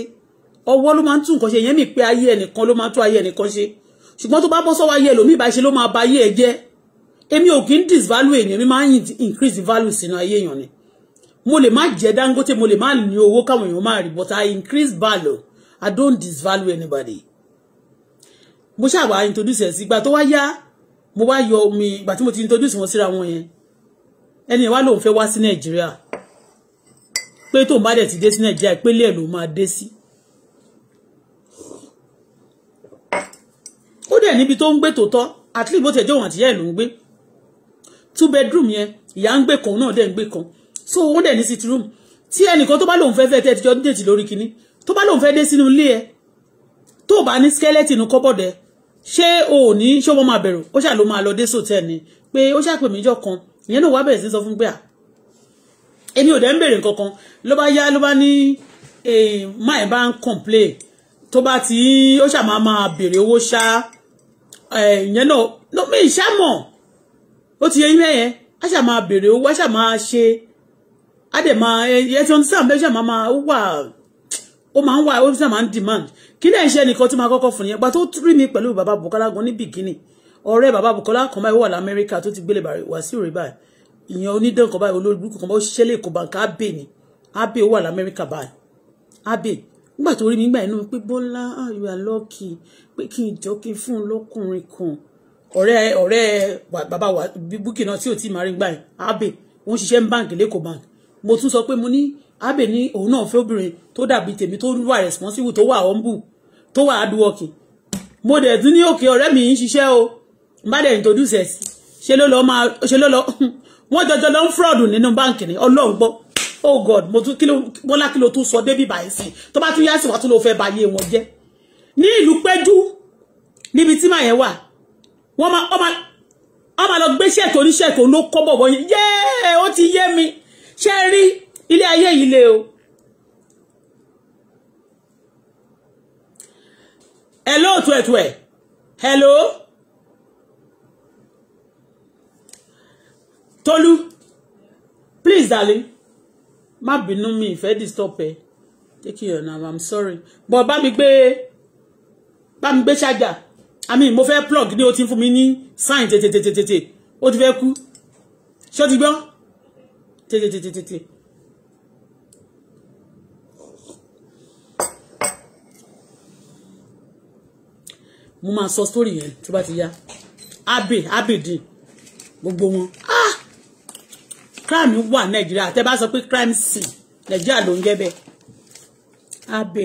ọwọ́ ló máa ń tún nǹkan ṣe yẹn mi pé ayé ẹnìkan ló máa tún ayé ẹnìkan ṣe ṣùgbọ́n tó bá bọ́ sọ́wọ́ ayé ẹlòmíì bá ṣe ló máa ba ayé ẹ jẹ́ èmi ò kí ń disvalue èèyàn mi máa ń increase value sínú ayé èèyàn ni mo lè má jẹ́ Dangote mo lè má ní owó káwọn èèyàn máa rí but I increase value I don't disvalue anybody mo ṣàwà introduce ẹ̀ sí ìgbà tó wá mo wá yọ omi ìgbà tí mo ti introduce wọn síra wọn yẹn ẹni ìwá lòun fẹ́ wá sí Nigeria. Pe tóun bá dẹ̀ ti dé sí Nàìjíríà ìpínlẹ̀ ló máa dé sí. ó dẹ̀ níbi tó ń gbé tòótọ́ àtìlẹ́yìn bó tẹ̀ jẹ́ òun àtìyá ẹ̀ ló ń gbé two bedroom yen, ìyá ń gbé kan náà dẹ̀ ń gbé kan so wọ́n dẹ̀ ní sit room tí ẹnìkan tó bá lòun fẹ́ fẹ́ tẹ́ ẹtijọ́ déètì lórí kinní tó bá lòun fẹ́ dé sínú ilé ẹ tó bá ní skeleton inú kọ́bọ̀dẹ ṣé o ò ní ṣé wọ́n máa bẹ̀rù ó ṣà ló máa lọ dé sòtẹ́ ni pé ó ṣàpè méjọ kan ìyẹn náà wá bẹ̀rẹ̀ sí sọ fún pé à èmi ò dẹ̀ ń bèrè nǹkan kan ló bá yá ló bá ní máa ẹ̀ bá ń complain tó bá ti ó ṣà máa máa bèrè owó ṣá ìyẹn náà ló mi ìṣá mọ̀ ó ti yẹ yín mẹ́yẹn á ṣà máa bèrè owó á ṣà máa ṣe á dẹ̀ máa ẹ ti ọdún sáà bẹ́ṣẹ̀ máa máa wà ó máa ń wà ó demand kí lẹ́yìn iṣẹ́ nìkan tó máa kọ́kọ́ fún yẹn gba tó rí mi pẹ̀lú bàbá Bukola gan ní bìkínì ọ̀rẹ́ bàbá Bukola kan báyìí wà lamẹ́ríkà tó ti gbélé Wàsíù rè báyìí ìyẹn onídàn kan báyìí olórí burúkú kan báyìí òṣìṣẹ́ lè kó bàǹkà ábè ni ábè ó wà lamẹ́ríkà báyìí ábè nígbà tó rí mi nígbà inú pé Bọ́lá ah, you are lucky pé kí n fun, kí n fún un lọ́kùnrin kan ọ̀rẹ́ ọ̀rẹ́ Baba, Bukky náà tí ò tí ì máa rí gbà yìí ábè wọ́n ṣiṣẹ́ ń báǹkì lẹ́kọ̀ọ́ mo tún sọ pé mo ní abe ní òun náà fẹ́ obìnrin tó dàbí tèmi tó wà responsible tó wà humble tó wà hardworking mo dẹ̀ tún ní òkè ọ̀rẹ́ mi ń ṣiṣẹ́ o bá dẹ̀ introduce ẹ̀ sí ṣe ló lọ máa ṣe ló lọ [LAUGHS] wọ́n jọjọ lọ ń fraud nínú báǹkì ni ọlọ́run gbọ́ oh god mo tún kílò bọ́lá kílò tún sọ débì báyìí sí tó bá tún yá sí wàá tún lọ fẹ́ ba ayé wọn jẹ́ ní ìlú pẹ́jú níbi tí màá yẹn wà wọ́n máa ọmọ lọ gbé ṣètò oníṣètò ló kọ́ bọ̀bọ̀ yẹn ó ti yé mi ṣé rí ilé ayé yìí le o. hello tuẹ̀tuẹ̀ hello Tolu please darling má bínú mi ìfẹ́ disturb ẹ taking your name. i'm sorry but bá mi gbé bá mi gbé ṣájà i mean mo fẹ́ plug ní o ti fún mi ní sign tètè tètè tètè ó ti fẹ́ kú ṣé o ti gbọ́ tètètètètè. story máa sọ sórí yẹn tó bá ti yá abe abedin gbogbo wọn ah crime wà nàìjíríà tẹ bá sọ crime scene nàìjíríà ló ń jẹ bẹ́ẹ̀ abe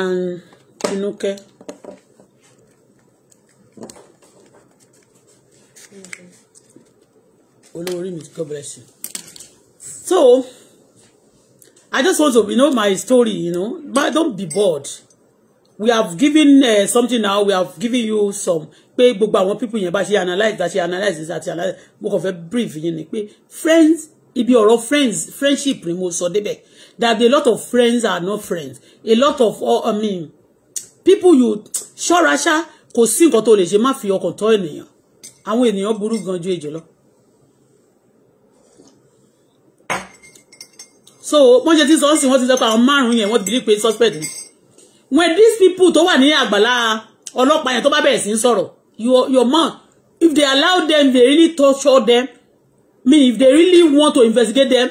and tinúkẹ́. You know, olórí mi God bless you so I just want to you know my story you know but don't be bored we have given uh, something now we have given you some pé gbogbo àwọn people yẹn bá ṣe analyze that, ṣe analyze that àti analyze mo kàn fẹ́ brief yín ni pé friends ibi ọ̀rọ̀ friends friendship ni mo sọ débẹ̀ that a lot of friends are not friends a lot of uh, I mean people you ṣọ́ra ṣá kò sí nǹkan tó lè ṣe má fi ọkàn tọ́ ènìyàn àwọn ènìyàn burú gan ju ejò lọ. so wọ́n ṣe ti sọ sí wọ́n ti sọ pé àwọn márùn-ún yẹn wọ́n ti believe pé suspect ni when these people tó wà ní àgbàlá ọlọ́pàá yẹn tó bá bẹ̀rẹ̀ sí ń sọ̀rọ̀ your your man if they allow them they really torture them I mean if they really want to investigate them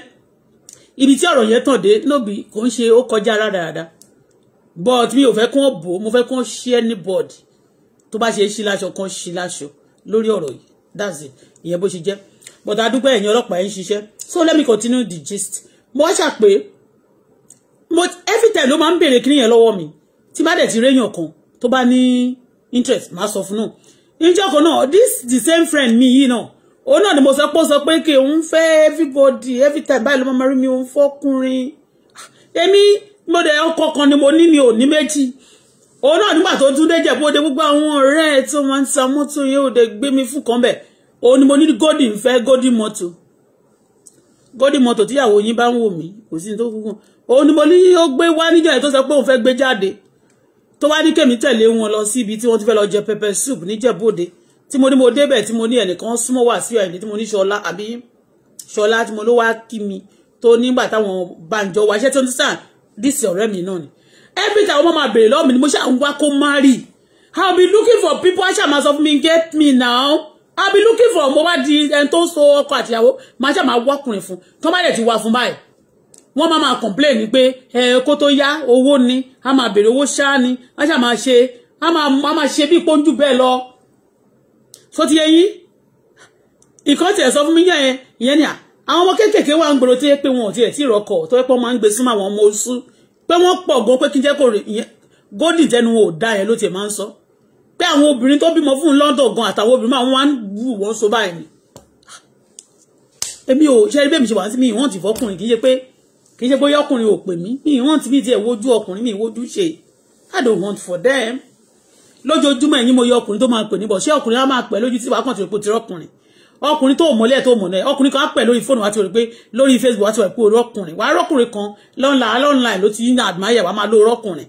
ibi tí ọ̀rọ̀ yẹn tàn dé lóbi kò ń ṣe ó kọjá rádaràda but mi ò fẹ́ kí wọ́n bò ó mo fẹ́ kí wọ́n ṣí anybody tó bá ṣe ṣí láṣọ kan ṣí láṣọ lórí ọ̀rọ̀ yìí that's it ìyẹn bó ṣe jẹ́ but adúgbò ẹ̀yin ọlọ́pàá ẹ̀ ń ṣiṣẹ́ so let me continue the gist mo ṣàpè mo every time ló máa ń béèrè kíní yẹn lọ́wọ́ mi tí bá dẹ̀ ti réyàn kan tó bá ní interest máa sọ fún náà níjọ́ náà this the same friend mi yìí náà òun náà ni mo sọ pé ó sọ pé kí òun fẹ́ everybody every time báyìí ló máa rí mi òun fọ́kùnrin èmi mo dẹ̀ ọkọ̀ kan ni mo ní mi ò ní méjì òun náà nígbà tó tún déjẹ̀ bó de gbogbo àwọn ọ̀rẹ́ ẹ̀ tó máa ń sa mọ́tò yẹn ò dẹ̀ gbé mi fún kan bẹ̀ òun ni mo ní golden fẹ́ golden mọ́tò gọ́dí mọ́tò tíyàwó yín bá ń wò mí kò sí tó kúkú òun ni mo ní ó gbé wá níjọ́ yẹn tó sọ pé òun fẹ́ gbé jáde tó wá ní kèmí tẹ̀lé wọn lọ sí ibi tí wọ́n ti fẹ́ lọ jẹ pepper soup níjẹ̀bọ́dé tí mo ní mo débẹ̀ tí mo ní ẹnìkan súnmọ́ wà sí ẹ̀ní tí mo ní ṣọlá àbí ṣọlá tí mo ló wá kí mi tó nígbà táwọn bàǹjọ wá iṣẹ́ tó ń sàn díìsì ọ̀rẹ́ mi náà ni every time wọ́n máa bèrè lọ́ọ̀mì ni mo ṣáà ń wá kó má rì i have been looking for people aṣáà máa sọ fún mi get me now I'll be looking for mo bá di ẹni tó so ọkọ àtìyàwó máa ṣe máa wọ́kùnrin fún tó bá dẹ̀ ti wá fún báyìí wọ́n máa máa complain pé ẹ kó tó yá owó ni a máa béèrè owó ṣáá ni a ṣáà máa ṣe a máa ṣe bí pọ́njú bẹ́ẹ̀ lọ so ti yẹ yín ìkan tiẹ̀ sọ fún mi yẹn ìyẹn ni à àwọn ọmọ kéékèèké wà ń gbòòrò tí pé wọn ò tiẹ̀ tí ìrọ̀kọ̀ tó pẹ́ máa ń gbé súnmọ́ àwọn ọmọ oṣù pé wọ́n pọ̀ gan pé kí n jẹ́ kó rí ìyẹn gódì jẹ́nu ò dá yẹn ló tiẹ̀ máa So pé àwọn obìnrin tó bímọ fún London gan àtàwọn obìnrin máa wọ́n wù wọ́n so báyìí ni èmi ò ṣe bẹ́ẹ̀ mi ṣe wà sí mi ìwọ̀n ti fọkùnrin kì í ṣe pé kì í ṣe bóyá ọkùnrin ò pè mí mi ìwọ̀n ti mi tiẹ̀ wojú ọkùnrin mi wojú ṣe I don't want for them lójoojúmọ́ ẹ̀yin mo yọ ọkùnrin tó máa pè níbọ̀ ṣé ọkùnrin á máa pẹ̀ lójú tí wàá kàn ti rò pé ti rọ́kùnrin ọkùnrin tó mọ̀lẹ́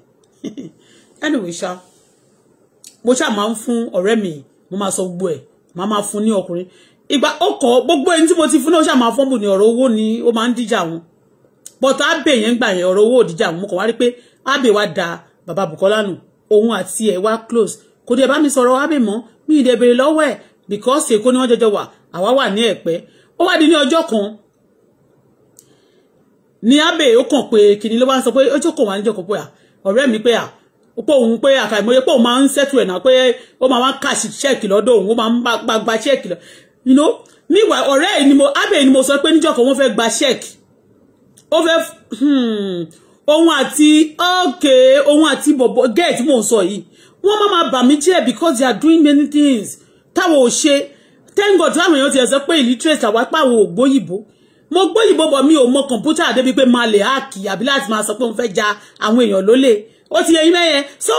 anyway ṣáá mo ṣáà máa ń fún ọ̀rẹ́ mi mo máa sọ gbogbo ẹ̀ máa máa fún ní ọkùnrin ìgbà ọkọ̀ gbogbo ẹni tí mo ti fún náà ṣáà máa fọ́n bù ní ọ̀rọ̀ owó ni ó máa ń díjà wọn bọ́tà ábè yẹn gbà yẹn ọ̀rọ̀ owó òdíjà wọn mo kàn wá rí pé ábè wa da bàbá Bùkọ́lá nù òun àti ẹ̀ wá close kò dé bá mi sọ̀rọ̀ ábè mọ́ mi ì dẹ̀ lọ́wọ́ ẹ̀ because èkó ni wọ́n jọjọ wà àwa wà ní ẹ̀pẹ́ ó wá di ní ọjọ́ kan ní ábè ó kàn pé kìnìún ló wá ń sọ pé ó jókòó wà níjọ́ kan pé à ọ̀rẹ́ mi pé à pé òun pé àkàìmọye pé òun máa ń settle ẹ̀ náà pé ó máa wá kàṣì ṣẹ́ẹ̀kì lọ́dọ̀ òun ó máa ń gba ṣẹ́ẹ̀kì lọ you know níwà ọ̀rẹ́ ni mo ábẹ̀ ni mo sọ pé níjọ́ kan fẹ gba ṣẹ́ẹ̀kì ó fẹ́ hmm, òun àti okay òun àti mò ń sọ yìí wọ́n máa bà mí because they are doing many things táwọn ò ṣe thank god táwọn èèyàn ti ẹ̀ pe mo gbóyìnbó mi ò mọ débi pé máa lè háàkì àbí sọ pé mo fẹ́ ja àwọn èèyàn ó ti yẹ yín so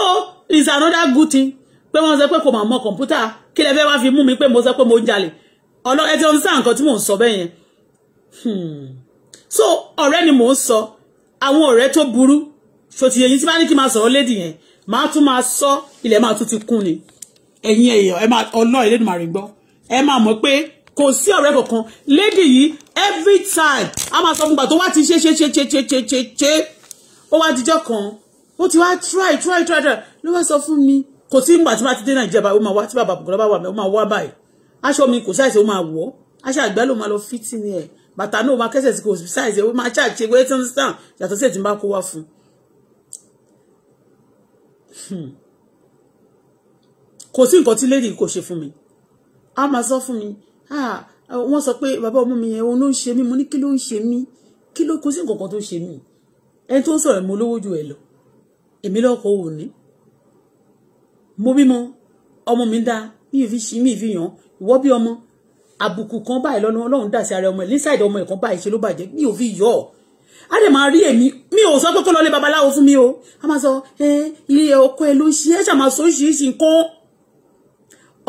it's another good thing pé wọ́n sọ pé kò mà mọ kọ̀ǹpútà kí lẹ fẹ́ wá fi mú mi pé mo sọ pé mo ń jalè ọ̀nà ẹ ti ọdún sáà nǹkan tí mò ń sọ bẹ́ẹ̀ yẹn so ọ̀rẹ́ ni mò ń sọ àwọn ọ̀rẹ́ tó burú ṣòtì èyí tí bá ní kí n máa sọ̀rọ̀ lédi yẹn máa tún máa sọ ilẹ̀ máa tún ti kún ni ẹ̀yin èèyàn ẹ máa ọlọ́ ilé ìdùnmọ̀ àrígbọ́ ẹ máa mọ̀ pé kò sí ọ̀rẹ́ kankan lédi yìí every time a máa sọ fún gbà tó wá ti ṣe ṣe ṣe ṣe ṣe ṣe ṣe ṣe ó wá kan ó ti wá try try try try ló wá sọ fún mi kò tí ìgbà tí bá ti dé nàìjíríà báyìí ó máa wá tí bàbá bùkọ́lá bá wà mẹ́ ó máa wá báyìí aṣọ mi kò ṣàìsẹ̀ ó máa wọ̀ aṣọ àgbà ló máa lọ fìtì ní ẹ̀ bàtà náà ó máa kẹ́sẹ̀ sí kò ṣàìsẹ̀ ó máa ṣàṣe waiting stand yàtọ̀ sí ètí bá kó wá fún un. Hmm. kò sí nǹkan tí lady kò ṣe fún mi a máa sọ fún mi ah, wọ́n sọ pé bàbá ọmọ mi yẹn òun ló ń ṣe mí mo ní kí ló ń ṣe mí kí ló kó sí nǹkan kan tó ṣe mí ẹni tó ń sọ̀rọ̀ mo lówó ju ẹ lọ èmi lọ́kọ̀ ò ní mo bímọ ọmọ mi ń da mi ì fi ṣí mi ì fi yàn ìwọ bí ọmọ àbùkù kan báyìí lọ́nà ọlọ́run dà sí ara ọmọ ẹ̀ nísàìdì ọmọ ẹ̀ kan báyìí ṣe ló bàjẹ́ mi ò fi yọ̀ ọ́ á dẹ̀ máa rí èmi mi ò sọ pé kó babaláwo fún mi o a máa sọ ẹ ilé ọkọ ẹ ló ṣe ẹ ṣàmà sọ oríṣiríṣi nǹkan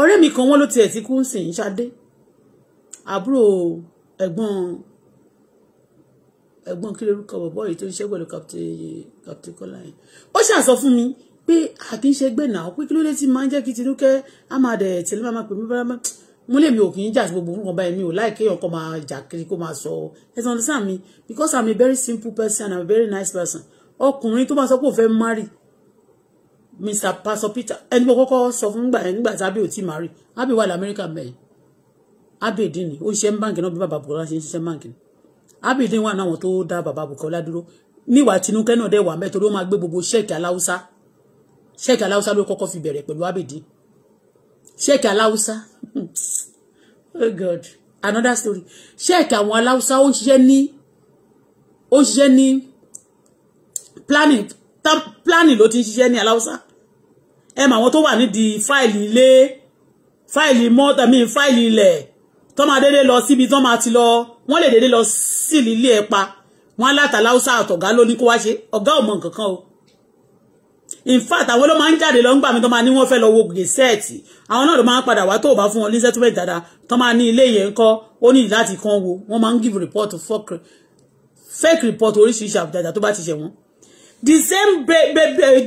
ọ̀rẹ́ mi kan wọ́n ló tiẹ̀ ti kú ń sìn ṣadé àbúrò ẹ̀gbọ́n ẹ̀gbọ́n kí lórúkọ bọ̀bọ́ yìí tó ń ṣe pẹ̀lú captain kọ́lá yẹn ó ṣàṣọ fún mi pé àkì ń ṣe gbé náà pé kí ló dé tí máa ń jẹ́ kí tinúkẹ́ á máa dẹ̀ tẹ̀lé máa pè mí bá mo lè mi ò kì í jà sí gbogbo nǹkan báyìí mi ò láì kéèyàn kan máa jà kiri kó máa sọ ẹsẹ̀ ọ̀dọ́ sáà mi because i'm a very simple person and i'm a very nice person ọkùnrin tó máa sọ pé òun fẹ́ marry mr pastor peter ẹni mo kọ́kọ́ sọ fún nígbà yẹn nígbà tí abe ò tí marry abe wà lamẹ́ríkà mẹ́rin abe dín ní ó ṣiṣẹ́ ń báǹkì náà bí bàbá bùkọ́lá ṣe ń ṣiṣẹ́ báǹkì náà abidin wà náwọn tó dá bàbá Bukola dúró níwà Tinúkẹ́ náà dẹ̀ wà mẹ́ torí ó máa gbé gbogbo ṣẹ́ẹ̀kì aláwùsá ṣẹ́ẹ̀kì aláwùsá ló kọ́kọ́ fi bẹ̀rẹ̀ pẹ̀lú abidin ṣẹ́ẹ̀kì aláwùsá [LAUGHS] oh god another story ṣẹ́ẹ̀kì àwọn aláwùsá ó ń ṣiṣẹ́ ní ó ń ṣiṣẹ́ ní planning planning ló ti ń ṣiṣẹ́ ní aláwùsá ẹ mà àwọn tó wà nídìí fáìlì ilé fáìlì mọ́tà mi fáìlì ilẹ̀ tó máa dédé lọ síbi tó máa ti lọ wọ́n lè dédé lọ sílì ilé ẹ̀ pa wọ́n alátàlá ọ̀sà àtọ̀gá ló ní kó wá ṣe ọ̀gá ò mọ̀ nǹkan kan o in fact àwọn ló máa ń jáde lọ ń gbà mí tó máa ní wọ́n fẹ́ lọ wo gẹ̀sẹ́ẹ̀tì àwọn náà ló máa ń padà wá tó bá fún wọn ní settlement dáadáa tó máa ní ilé yẹn kọ́ ó ní láti kan wo wọ́n máa ń give report fake fake report oríṣiríṣi àbùdàdà tó bá ti ṣe wọ́n the same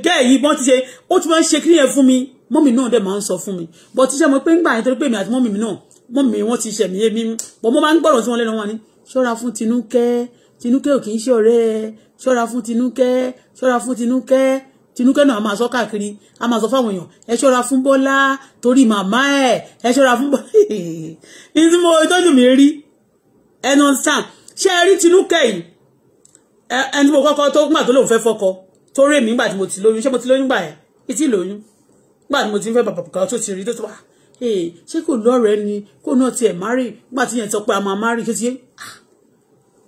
girl yìí wọ́n ti ṣe ó ti máa ń ṣe kí yẹn fún mi mọ́mì náà dẹ̀ máa ń sọ fún mi but ṣe mo pé ń gbà yẹn torí pé èmi àti mọ́mì náà mọ́ mi wọ́n ti ṣẹ̀mí èmi pọ̀ mo máa ń gbọ́rọ̀ sí wọn lẹ́nu wọn ni ṣọ́ra fún tinúkẹ́ tinúkẹ́ ò kì í ṣọ̀rẹ́ ẹ ṣọ́ra fún tinúkẹ́ ṣọ́ra fún tinúkẹ́ tinúkẹ́ náà a máa sọ káàkiri a máa sọ fáwọn èèyàn ẹ ṣọ́ra fún bọ́lá torí màmá ẹ ẹ ṣọ́ra fún bọ́lá [LAUGHS] ní tí mo tọ́jú mi rí ẹnu sàn ṣé ẹ rí tinúkẹ́ yìí ẹni tí mo kọ́kọ́ tó gbà tó lóun fẹ́ fọ́kọ tó rèmí gbà tí mo ti lóyún ṣé mo ti lóyún gbà ẹ̀ ìtì lóyún gbà tí mo ti ń bàbà kan tó ti rí tó ti wà Eh, ṣé kò lọ́rẹ̀ẹ́ ni kó náà tiẹ̀ márì nígbà tí yẹn sọ pé a máa márì ṣé ti yé ah!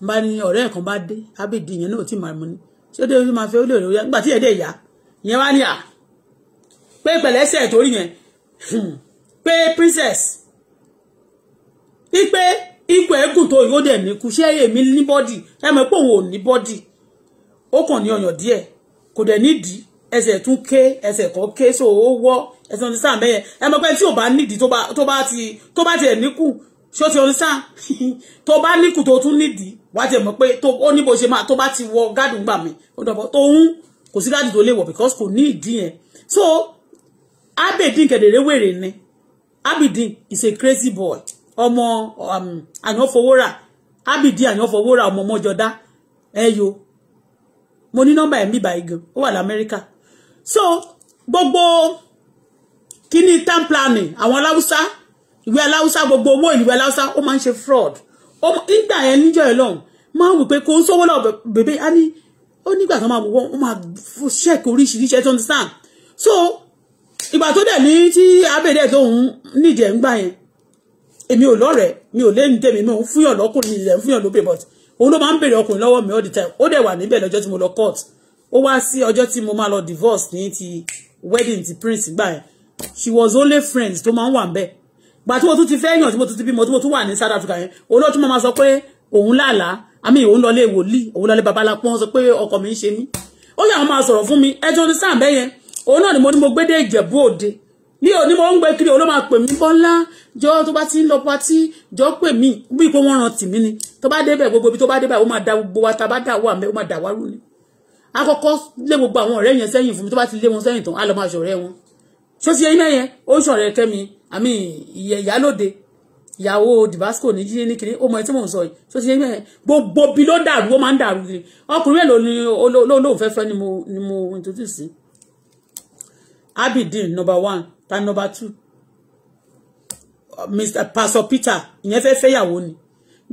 bá ní ọ̀rẹ́ kan bá dé ábídì yẹn náà ti máa mú ni ṣé ó dé ojú máa fẹ́ ó lè ròyà nígbà tí yẹn dé ìyá yẹn wá ní à ah! pé pẹ̀lẹ́sẹ̀ torí yẹn hmm. pé princess ipe ipò ẹ̀gùn tó yóò dẹ̀ ní kú ṣé èmi ní bọ́dì ẹ mọ̀ pé òun ò ní bọ́dì ó kàn ní ọyàn díẹ̀ kò dẹ̀ nídìí ẹsẹ̀ tún ké ẹsẹ̀ kan ké so ó wọ́ ẹsẹ̀ understand bẹ́yẹn ẹ mọ̀ pé tí ò bá nídìí tó bá tó bá ti tó bá tiẹ̀ níkù ṣó ti understand [LAUGHS] tó bá níkù tó tún nídìí wá tiẹ̀ mọ̀ pé tó ó ní bó ṣe máa tó bá ti wọ gádùn gbà mí ó dọ̀bọ̀ tó ń kò sí gádùn tó lè wọ̀ because kò ní ìdí yẹn so abedin kẹ̀dẹ̀rẹ́ wèrè ni abedin is a crazy boy ọmọ àyànfowóra um, abedin àyànfowóra ọmọ ọmọjọdá ẹyọ mo ní nọ́mbà ẹ̀ ń bíbá igan ó wà lamẹ́ríkà so gbogbo kini town planning àwọn aláwùsá ìwé aláwùsá gbogbo owó ìwé aláwùsá ó máa ń ṣe fraud nígbà yẹn níjọ́ yẹn lọ́hùn máa ń wù pé kò ń sówó lọ bèbè á ní ó nígbà tó máa wù wọ́n ó máa ṣẹ́ẹ̀kì oríṣiríṣi ẹ̀tọ́ ní sàn so ìgbà tó dẹ̀ ní tí abẹ́rẹ́ tó ń níjẹ̀ ń gbà yẹn èmi ò lọ́rẹ̀ẹ́ mi ò lé ní tèmi mi ò ń fúyàn lọ́kùnrin ilẹ̀ ń fúyàn lóbè but òun ló máa ń bèrè ọkùnrin lọ́wọ́ mi all the time ó dẹ̀ wà níbẹ̀ lọ́jọ́ tí mo lọ court ó wá sí ọjọ́ tí mo máa lọ divorce ní ti wedding ti prince gbà she was only friends to máa ń wà ń bẹ̀ mo tún ti fẹ́ yàn tí mo tún ti bímọ tí mo tún wà ní South Africa yẹn olóòtú máa sọ pé òun làlá àmì òun lọ lé wòlíì òun lọ lé babalápọ̀ wọn sọ pé ọkọ mi ń ṣe mí ó yà wọn máa sọ̀rọ̀ fún mi ẹjọ́ ní sáà bẹ́yẹn òun náà ni mo ní mo gbé dé Ìjẹ̀bú Òde ní òní mo ń gbé kiri òun ló máa pè mí bọ́lá jọ tó bá ti ń lọ pátí jọ pè mí bí ipò wọn rántí mi ni tó bá débẹ̀ gbogbo ibi tó bá débẹ̀ ó máa da gbogbo wa ta bá dà wà mẹ́ ó máa dà wá rú ni akọ́kọ́ lé gbogbo àwọn ọ̀rẹ́ yẹn sẹ́yìn fún mi tó bá ti lé wọn sẹ́yìn tán á lọ máa ṣọ̀rẹ́ wọn ṣó ti yẹn yẹn ó ṣọ̀rẹ́ kẹ́mi àmì ìyálóde ìyàwó dìbásíkò ní jíjẹ ní kiri ó mọ ẹni tí mò ń sọ yìí ṣó ti yẹn yẹn gbogbo bi ló dàrú ó máa ń dàrú kiri ọkùnrin mélòó ni olóòlóòfẹ́ fẹ́ ni mo ni mo introduce sí Abidin number one ta number two Mr. Pastor Peter ìyẹn fẹ́ fẹ́yàwó ni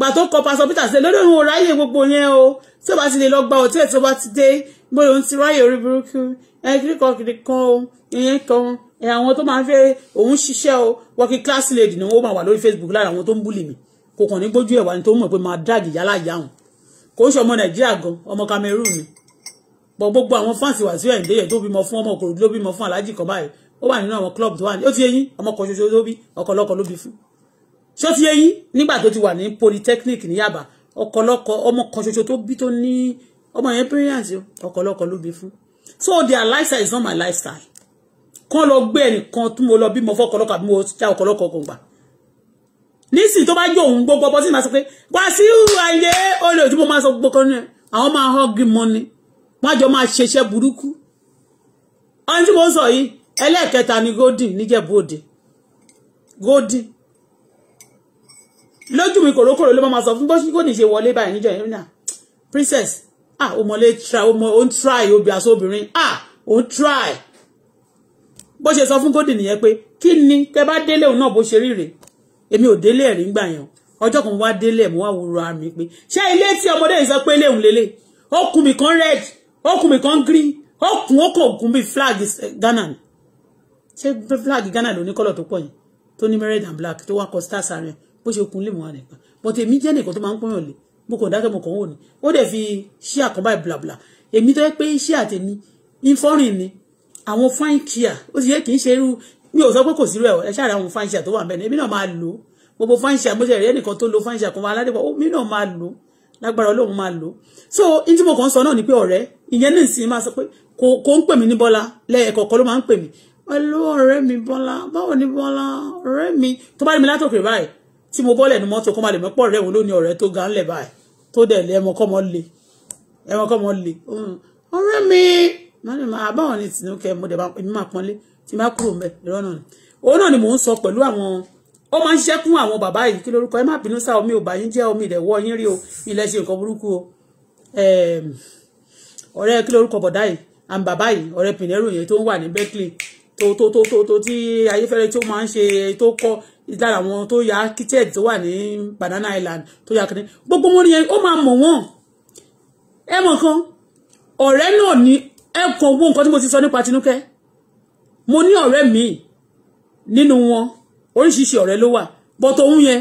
gbà tó kọ pásọ peter ṣe lórí òun ò ráyè gbogbo yẹn o tí ó bá ti lè lọ gba òtí tó bá ti dé gbọ́dọ̀ òun ti ráyè orí burúkú ẹ kíríkọ kiri kan o ìyẹn kan ẹ àwọn tó máa ń fẹ́ òun ṣiṣẹ́ o working class lady ni wọ́n máa wà lórí facebook lára àwọn tó ń búlì mi kò kàn ní gbójú ẹ̀wà ni tó mọ̀ pé máa dáàgì yálà ìyá òun kò ń ṣe ọmọ nàìjíríà gan ọmọ cameroon ni bọ gbogbo àwọn fáǹsì wàásù ẹ̀ǹdẹ́yẹ tó bímọ fún ọmọ òkòrò ló bímọ fún aláàjì kan báyìí ó wà nínú àwọn club tó wà ní ó ti yẹyìn ọmọ kan ló bí ọkọlọkọ ló bí fún ṣó ti yé yín nígbà tó ti wà ní polytechnic ní Yaba ọkọlọkọ ọmọ kan ṣoṣo tó bí tó ní ọmọ yẹn brilliant o ló bí fún so their lifestyle is not my lifestyle kán lọ gbé ẹnìkan tí mo lọ bí mo fọ ọkọlọkọ àbí mo já ọkọlọkọ kò gbà nísìnyí tó bá jó òun gbogbo ọbọ sí ma sọ pé Wàsíù Àyìndé olè òjú máa sọ gbogbo kan àwọn máa hungry money wọn àjọ máa ṣeṣẹ́ burúkú ọ̀hún tí mo ń sọ yìí ẹlẹ́ẹ̀kẹta ni golden níjẹ̀bú òde golden lójú mi kòrókòrò ló máa sọ fún bóṣí kò ní ṣe wọlé báyìí níjọ yẹn náà ah, princess ah o mọlé try o mọ o ń try obì àti obìnrin ah o ń try bó ṣe sọ fún Golden nìyẹn pé kí ni tẹ bá délé òun náà bó ṣe rí rè èmi ò délé ẹ̀rí ń gbà ọjọ́ kan wá délé mo wá ara mi pé ṣé ilé tí ọmọdé yìí sọ pé ilé òun lélẹ̀ okùn mi kan kan green okùn okùn flag eh, Ghana ṣé flag Ghana kọ́lọ̀ tó bó ṣe kun lè mọ́ àná ìpa but èmi jẹ́ nìkan tó máa ń pọ́nyàn lè mo kàn dákẹ́ mo kàn wò ni ó dẹ̀ fi ṣí àkànbá ìblàblà èmi tó yẹ pé iṣẹ́ àtẹ̀mí ní fọ́rìn ni àwọn fine care ó ti yẹ kì í ṣe irú mi ò sọ pé kò sí irú ẹ̀ ẹ ṣáà àwọn fine care tó wà bẹ́ẹ̀ ni èmi náà máa lò gbogbo fine care mo ṣe rí ẹnìkan tó lo fine care kan aládébọ̀ mi náà máa lò lágbára Ọlọ́run máa lò so n tí mo kàn sọ náà ni pé ọ̀rẹ́ ìyẹn ní ìsìn máa sọ pé kò kò ń pè mí ní Bọ́lá lẹ́ẹ̀kọ̀ọ̀kan ló máa ń pè mí pẹ̀lú ọ̀rẹ́ mi Bọ́lá báwo ni Bọ́lá ọ̀rẹ́ mi tó bá rí mi látòkè báyìí tí mo bọ́lẹ̀ nu mọ́tò kó má lè mọ́pọ̀ rẹ̀ wọn lónìí ọ̀rẹ́ tó ga ńlẹ̀ báyìí tó dẹ̀ lé ẹmọ kọ́mọ le ẹmọ kọ́mọ le ọ̀rẹ́ mi mọ́ni máa báwọn ní tìǹbù kẹ́ mo dẹ̀ bá èmi máa pọ́nlé tí má kúrò mbẹ́ ìrọ́ ni òun náà ni mò ń sọ pẹ̀lú àwọn ó máa ń ṣiṣẹ́ fún àwọn bàbá yìí kí lórúkọ ẹ má bínú sáà omi ò bá yín jẹ́ omi ìdẹ̀ wọ yín rí o ilẹ̀ ṣe nǹkan burúkú o ọ̀rẹ́ kí lórúkọ bọ̀dá yìí àmì bàbá yìí ọ̀rẹ́ pìnẹ́rù yẹn tó to wà ní Berkeley tó tó tó tó tó tí ayéfẹ́rẹ́ tó máa ń ṣe tó kọ́ lára àwọn tó ya kited tó wà ní Banana Island tó ya kiri gbogbo wọn ni ó máa mọ̀ wọ́n ẹ mọ̀ kan ọ̀rẹ́ náà ni ẹ kàn wo nǹkan tí mo ti sọ nípa Tinúkẹ́ mo ní ọ̀rẹ́ mi nínú wọn oríṣiríṣi ọ̀rẹ́ ló wà bọ́tọ̀ òun yẹn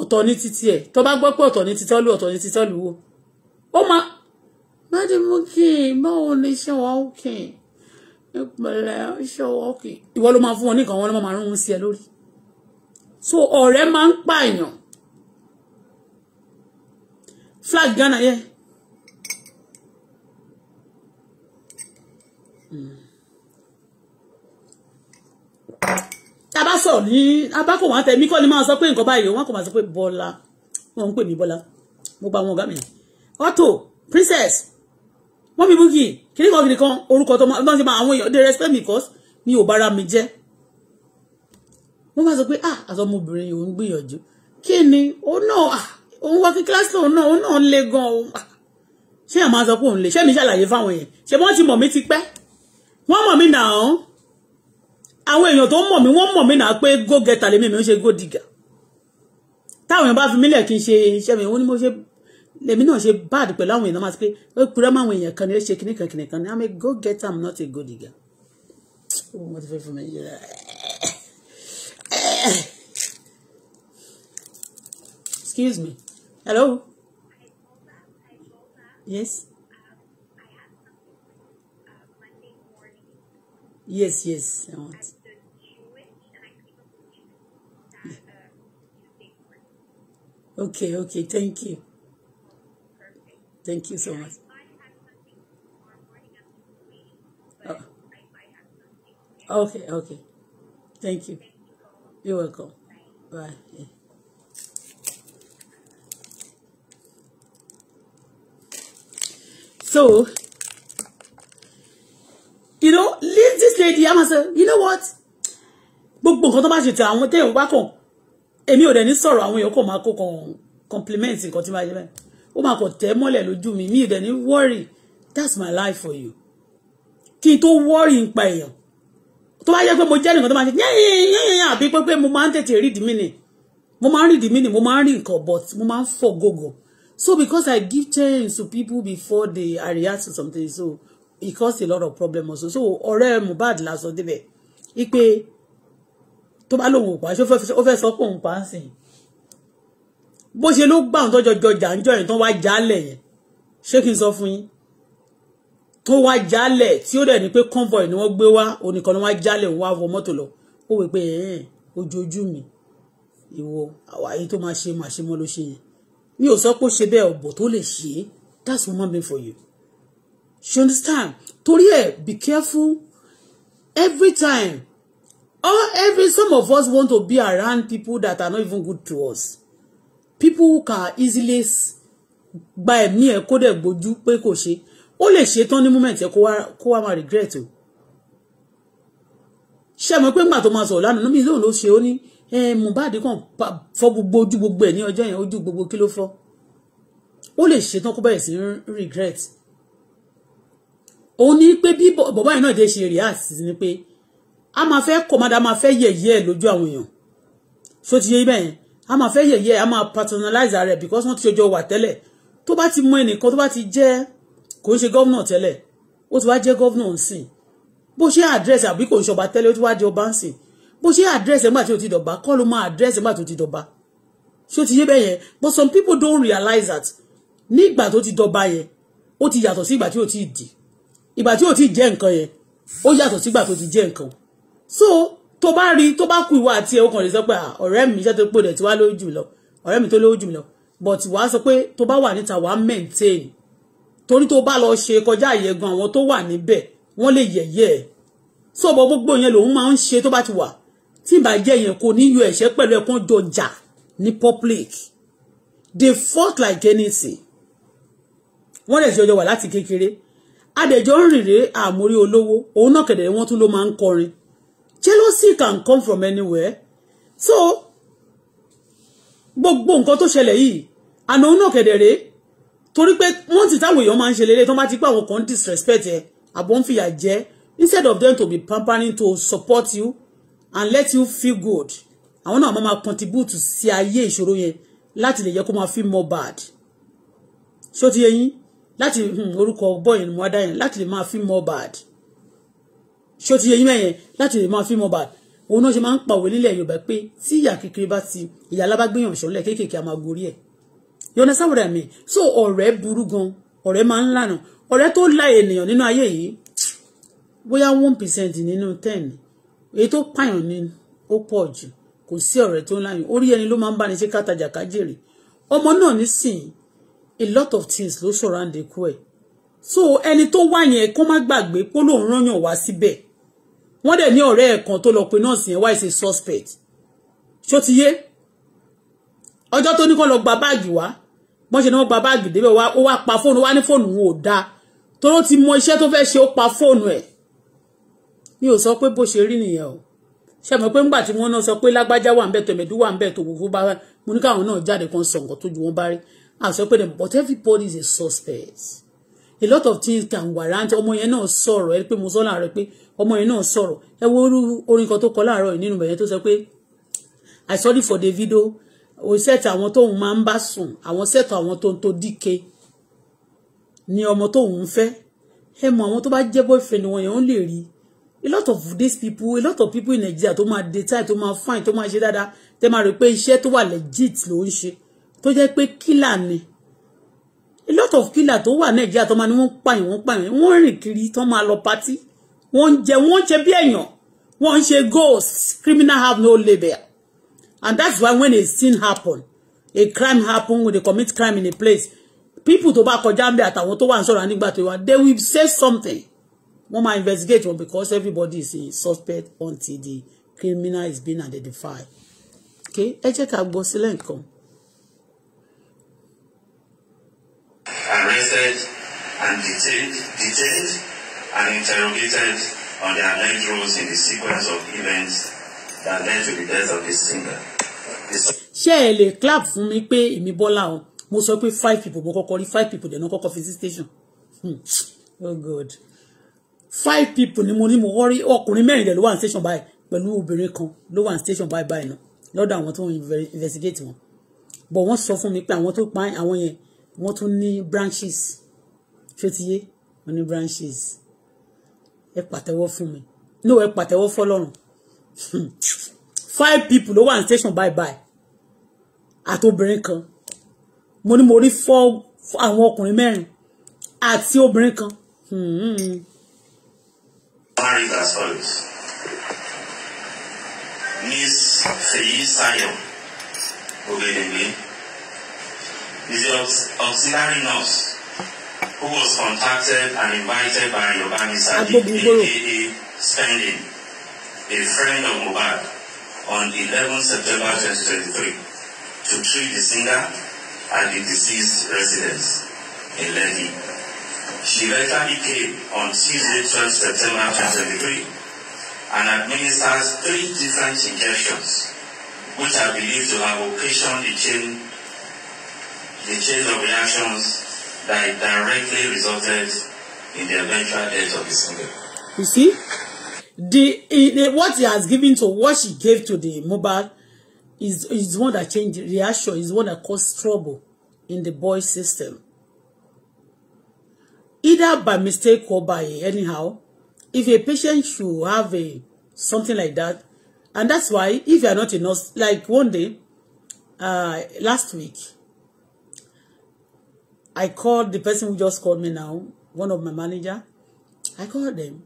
ọ̀tọ̀ ní títí ẹ̀ tó bá gbọ́ pé ọ̀tọ̀ ní títí ọ̀lú ọ̀tọ̀ ní títí ọ̀lú wo ó máa má báwo ni ṣé wọ́n ó ìpẹ̀lẹ́ ṣọ́wọ́kì ìwọ ló máa fún wọn nìkan wọn ló máa rún sí ẹ lórí so ọ̀rẹ́ máa ń pààyàn flag Ghana yẹ. tábà sọ ní abákò wọn àtẹmí kọ́ ni máa sọ pé nǹkan báyìí wọn kò máa sọ pé Bọ́lá wọn ń pè mí Bọ́lá mo gba àwọn ọ̀gá mi Auto princess wọ́n bí búkì kìnìún kan kìnìún kan orúkọ tó máa ń ṣe máa àwọn èèyàn dey respect me because mi ò bára mi jẹ́ wọ́n máa sọ pé ah àtọmọbìnrin yìí ò ń gbìyànjú kí ni òun náà ah, òun wá kí kíláàsì òun náà òun náà ń le gan òun ah, ṣé àmọ́ sọ pé òun lè ṣé mi ṣàlàyé fáwọn èèyàn ṣé wọ́n ti mọ̀ mí ti pẹ́ wọ́n mọ̀ mí nà án àwọn èèyàn tó mọ̀ mí wọ́n mọ̀ mí nà á pé go getter lèmi mi ń ṣe go digger táwọn èèyàn bá fi mílẹ̀ kí n ṣe iṣẹ́ mi òun ni mo ṣe lèmi náà ṣe bad pẹ̀lú àwọn èèyàn máa ṣe pé ó kúrẹ́ máa àwọn èèyàn kan ní ó ṣe kíní kan kíní kan ní àmì go get am not a good digger. excuse me hello yes yes yes i want. Okay, okay, thank you. Thank you so much. Oh. Okay, okay. Thank you. You're welcome. Bye. Yeah. So, you know, leave this lady. I'm say, you know what? Gbogbo nǹkan tó bá ṣe ti àwọn téèyàn bá kàn. Èmi ò dẹ̀ ní sọ̀rọ̀ àwọn èèyàn kò máa kó kan compliment nǹkan tí máa jẹ́ bẹ́ẹ̀ ó máa kàn tẹ́ mọ́lẹ̀ lójú mi mi ìdẹ̀ worry that's my life for you kí n tó worry ń pa èèyàn tó bá yẹ pé mo jẹ́ nìkan tó máa ṣe yẹ́yẹ́yẹ́ àbí pé mo máa ń tètè read the meaning mo máa ń read the meaning mo máa ń rí nǹkan but mo máa ń fọ̀ gògò so because I give change to people before they I react to something so it cause a lot of problem also so ọ̀rẹ́ Mohbad la sọ débẹ̀ ipe tó bá lóun ò pa ṣé ó fẹ́ sọ pé òun pa á sìn bó ṣe ló gbà wọn tọjọ jọjà ń jọ yẹn tó wá jálẹ̀ yẹn ṣé kí n sọ fún yín tó wá jálẹ̀ tí ó dẹ̀ ní pé convoy ni wọ́n gbé wá onìkan ni wọ́n jálẹ̀ wọ́n wá wọ mọ́tò lọ ó wẹ pé ẹ̀ẹ́n ojoojú mi ìwọ àwáyé tó máa ṣe máa ṣe mọ́ ló ṣe yẹn mi ò sọ pé ó ṣe bẹ́ẹ̀ ọ̀bọ̀ tó lè ṣe that's woman being for you she understand torí ẹ be careful every time all every some of us want to be around people that are not even good to us people can easily gba ẹ̀mí ẹ̀ kó dẹ̀ gbójú pé kò ṣe ó lè ṣe tán ní moment ẹ̀ kó wá máa regret o ṣe mọ̀ pé ńgbà tó máa sọ̀rọ̀ lánàá mi lóun ló ṣe ó ní Mohbad kàn fọ́ gbogbo ojú gbogbo ẹ̀ ní ọjọ́ yẹn ojú gbogbo kí ló fọ́ ó lè ṣe tán kó bẹ̀rẹ̀ sí regret òun ní pé bí bọ̀bá yìí náà dé ṣe react ni pé a máa fẹ́ kọ́ máa dá máa fẹ́ yẹ̀yẹ́ lójú àwọn èèyàn ṣó ti yé bẹ́ẹ̀ yẹn a máa fẹ́ yẹ̀yẹ́ a máa patronize ara because wọ́n ti jọjọ wà tẹ́lẹ̀ tó bá ti mú ẹnìkan tó bá ti jẹ́ kò ń ṣe gọ́vnà tẹ́lẹ̀ ó ti wá jẹ́ gọ́vnà ń sìn bó ṣe àdírẹ́sì àbí kò ń ṣọba tẹ́lẹ̀ ó ti wá di ọba ń sìn bó ṣe àdírẹ́sì nígbà tí ó ti dọ̀ba kọ́ ló máa àdírẹ́sì nígbà tó ti dọ̀ba ṣé ó ti yé bẹ́ẹ̀ yẹn but some people don't realize that nígbà tó ti dọ̀ba yẹn ó ti yàtọ̀ sí ìgbà tí ó ti dì ìgbà tí ó ti jẹ́ nǹkan yẹn ó yàtọ̀ sígbà tó ti jẹ́ nǹkan so tó bá rí tó bá kú ìwà àti ẹ̀ ọkàn lè sọ pé ọ̀rẹ́ mi iṣẹ́ tó pò dẹ̀ tí wá lójú lọ ọ̀rẹ́ mi tó lójú lọ but wàá sọ pé tó bá wà níta wàá maintain torí tó bá lọ ṣe kọjá àyẹ̀gan àwọn tó wà níbẹ̀ wọ́n lè yẹ̀yẹ́ ẹ̀ sọ̀bọ̀ gbogbo yẹn lòun máa ń ṣe tó bá ti wà tí ìbá jẹ́ yẹn kò ní yọ ẹ̀ṣẹ́ pẹ̀lú ẹ̀kọ́ jọjà ní public they fought like anything wọ́n lè ṣe ọjọ́ wà láti kékeré adẹ̀jọ́ ń rìnrìn àmórí olówó òun náà kẹ̀dẹ̀ wọ́n tún ló máa ń kọrin jealousy can come from anywhere so gbogbo nǹkan tó ṣẹlẹ̀ yìí àná òun náà kẹ̀dẹ̀rẹ́ torí pé wọ́n ti táwọn èèyàn máa ń ṣe lélẹ̀ tó ti pé àwọn kan disrespect ẹ̀ àbọ̀ ń fìyà jẹ instead of them to be pampering to support you and let you feel good àwọn náà máa máa contribute sí ayé ìṣòro yẹn láti lè yẹ kó máa feel more bad ṣó ti yẹ yín láti hmm, orúkọ bọ́ọ̀yìn ni mo dá yẹn láti lè máa feel more bad ṣé o ti yẹ yín mẹ́yẹn láti lè máa fi Mohbad òun náà ṣe máa ń pàwé nílẹ̀ Yorùbá pé tí ìyá kékeré bá ti ìyá alábágbéyàn ṣọlẹ̀ kéékèèké a máa gorí ẹ̀ you understand what I mean so ọ̀rẹ́ burú gan ọ̀rẹ́ máa ń lànà ọ̀rẹ́ tó la ènìyàn nínú ayé yìí bóyá one percent nínú ten èyí tó pààyàn ni ó pọ̀ jù kò sí ọ̀rẹ́ tó ń láyìn orí ẹni ló máa ń bá ní ṣe kátàjà kájèrè ọmọ náà nísìnyí a lot of things ló surround ikú ẹ̀ so ẹni tó wá yẹn kó má gbàgbé pé lóun rányàn wá síbẹ̀ wọ́n dẹ̀ ní ọ̀rẹ́ ẹ̀ kan tó lọ pe nọ́ọ̀sì yẹn wá ìṣe suspect ṣó ti yé ọjọ́ tó ní kó lọ gba báàgì wá wọ́n ṣe ni wọ́n gba báàgì débẹ̀ wá ó wá pa fóònù wá ní fóònù wọn ò dáa tóró ti mọ iṣẹ́ tó fẹ́ ṣe ó pa fóònù ẹ̀ mi ò sọ pé bó ṣe rí nìyẹn o ṣe mọ̀ pé ńgbà tí wọ́n náà sọ pé lágbájá wà ń bẹ̀ tẹ̀mẹ̀dú wà ń bẹ̀ tó gbogbo bá mo ní káwọn náà jáde kan sọ nǹkan tó ju wọn bá rí à sọ pé dem but everybody is a suspect a lot of things can warrant ọmọ yẹn náà sọ̀rọ̀ ẹ pé mo sọ láàárọ̀ pé ọmọ yẹn náà sọ̀rọ̀ ẹ wo orin kan tó kọ láàárọ̀ nínú bẹ̀yẹn tó sọ pé i sorry for Davido o set àwọn tóun máa ń bá sùn àwọn set àwọn tó ń tó díke ni ọmọ tóun ń fẹ́ ẹ mọ àwọn tó bá jẹ́ boyfriend wọn yẹn ó lè rí a lot of these people a lot of people in Nigeria tó máa data tó máa fine tó máa ṣe dáadáa tẹ máa rí pé iṣẹ́ tó wà legit ló ń ṣe tó jẹ́ pé kílà ni a lot of kílà tó wà Nigeria tó máa ní wọ́n pààyàn wọ́n pààyàn wọ́n rìn kiri tó máa lọ patí wọ́n ń jẹ wọ́n ń ṣe bí èèyàn wọ́n ṣe ghost criminal have no label and that's why when a sin happen a crime happen when they commit crime in a place people tó bá kọjá ń bẹ àtàwọn tó wà ń sọ̀rọ̀ nígbà tó wà they will say something wọ́n máa investigate wọn because everybody is a suspect until the criminal is being identified okay ẹ jẹ́ ká gbọ́ sílẹ̀ nǹkan. arrested and detained detained and interrogated on their alleged roles in the sequence of events that led to the death of the singer. ṣé ẹ lè clap fún mi pé èmi bọ́lá o mo sọ pé five people mo kọ́kọ́ rí five people dẹ̀ náà kọ́kọ́ fi sí station hmm. oh god five people ni mo ní mo kọ́ rí ọkùnrin mẹ́rin dẹ̀ ló wà ní station báyìí pẹ̀lú obìnrin kan ló wà ní station báyìí báyìí náà lọ́dọ̀ àwọn tó ń investigate wọn but wọ́n sọ fún mi pé àwọn tó pa àwọn yẹn wọ́n tún ní branches ṣé ti yé wọ́n ní branches ẹ pàtẹ́wọ́ fún mi no ẹ pàtẹ́wọ́ fọ́lọ́run [LAUGHS] five people ló wà ní station bye bye àti obìnrin kan mo ní mo rí four àwọn ọkùnrin mẹ́rin àti obìnrin kan. Hmm. married as follows miss seyi sayo ogedegbe is the auxiliary nurse who was contacted and invited by Yobani Sadi, aka Spending, a friend of Mohbad, on 11 September 2023, to treat the singer at the deceased residence in Lekki. She later became on Tuesday, 12 September 2023, and administered three different injections, which are believed to have occasioned the chain, the chain of reactions that directly resulted in the eventual death of the singer. You see? The, the what he has given to what she gave to the mobile is is one that changed the reaction, is one that caused trouble in the boy system. Either by mistake or by anyhow, if a patient should have a something like that, and that's why if you are not a nurse, like one day, uh, last week, I called the person who just called me now, one of my manager. I called them.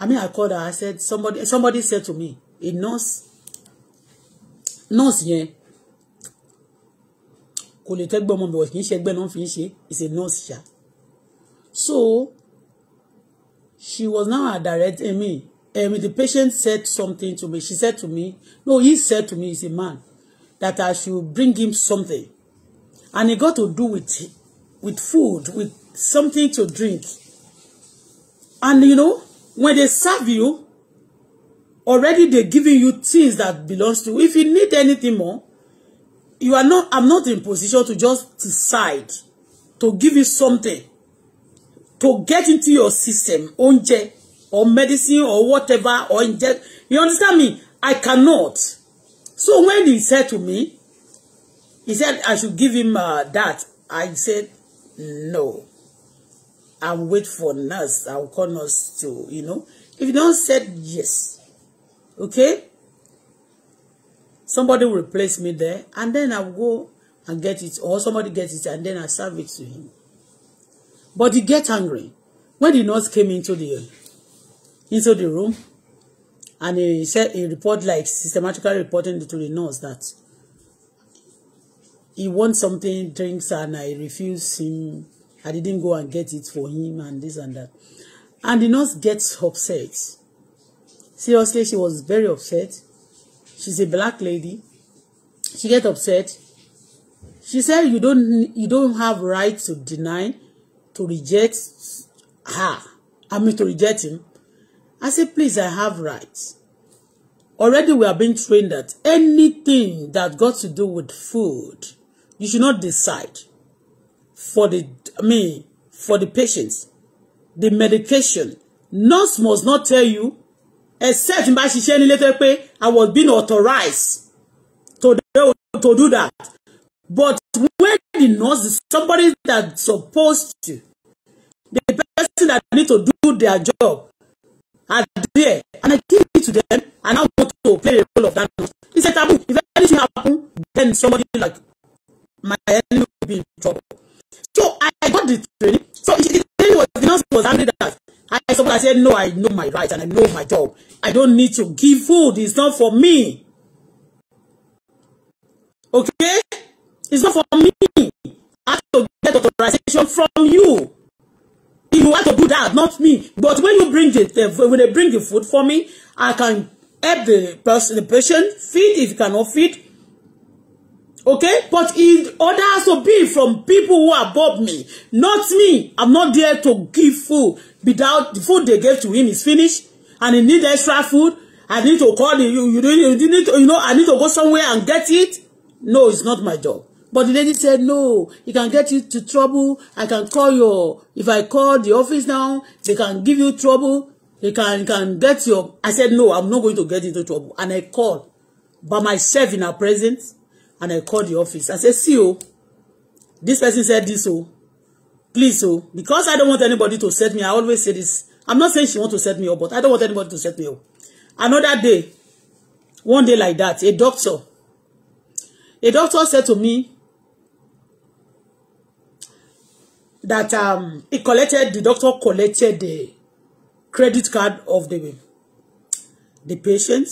I mean, I called her. I said, somebody somebody said to me, a nurse, nurse yẹn, kò lè tẹ́gbẹ́ ọmọ mi wọ̀ kì í ṣe ẹgbẹ́ náà fi ń ṣe, a nurse ṣá. So, she was now a direct I mean, I um, the patient said something to me. She said to me, no, he said to me, he's a man, that I should bring him something. And it got to do with with food, with something to drink. And you know, when they serve you, already they're giving you things that belongs to you. If you need anything more, you are not, I'm not in position to just decide to give you something to get into your system, oúnjẹ or medicine or whatever, or inject. You understand me? I cannot. So when he said to me, he said I should give him uh, that. I said, No. I'll wait for nurse. I'll call nurse to, you know. If you don't say yes, okay? Somebody will replace me there and then I'll go and get it or somebody gets it and then I serve it to him. But he get angry. When the nurse came into the into the room and he said he report like systematically reporting to the nurse that he wants something, drinks, and I refuse him. I didn't go and get it for him and this and that. And the nurse gets upset. Seriously, she was very upset. She's a black lady. She get upset. She said, "You don't, you don't have right to deny, to reject her. I mean, to reject him." I said, "Please, I have rights." Already, we are being trained that anything that got to do with food You should not decide for the, I mean, for the patients. The medication. Nurse must not tell you, except in bá ṣiṣẹ́ nílé tó pé, I was being authorized to, to do that. But when the nurse, somebody that supposed to, the person that need to do their job, are there, and I give it to them, and I want to play the role of that nurse. It's a taboo. If anything happens, then somebody like my enemy will be in trouble. So I got the training. So the training was the nurse was angry that I suppose I said no, I know my rights and I know my job. I don't need to give food. It's not for me. Okay? It's not for me. I have to get authorization from you. If you want to do that, not me. But when you bring it, the, when they bring the food for me, I can help the person, the patient feed if you cannot feed. Okay? But in order to be from people who are above me, not me. I'm not there to give food without the food they gave to him is finished and he need extra food. I need to call you. You, you, you need to, you know, I need to go somewhere and get it. No, it's not my job. But the lady said, no, it can get you to trouble. I can call your, if I call the office now, they can give you trouble. They can, can get your, I said, no, I'm not going to get into trouble. And I called by myself in her presence and I called the office. I said, see, oh, this person said this, oh, please, oh, because I don't want anybody to set me. I always say this. I'm not saying she want to set me up, but I don't want anybody to set me up. Another day, one day like that, a doctor, a doctor said to me that um, he collected, the doctor collected the credit card of the the patient.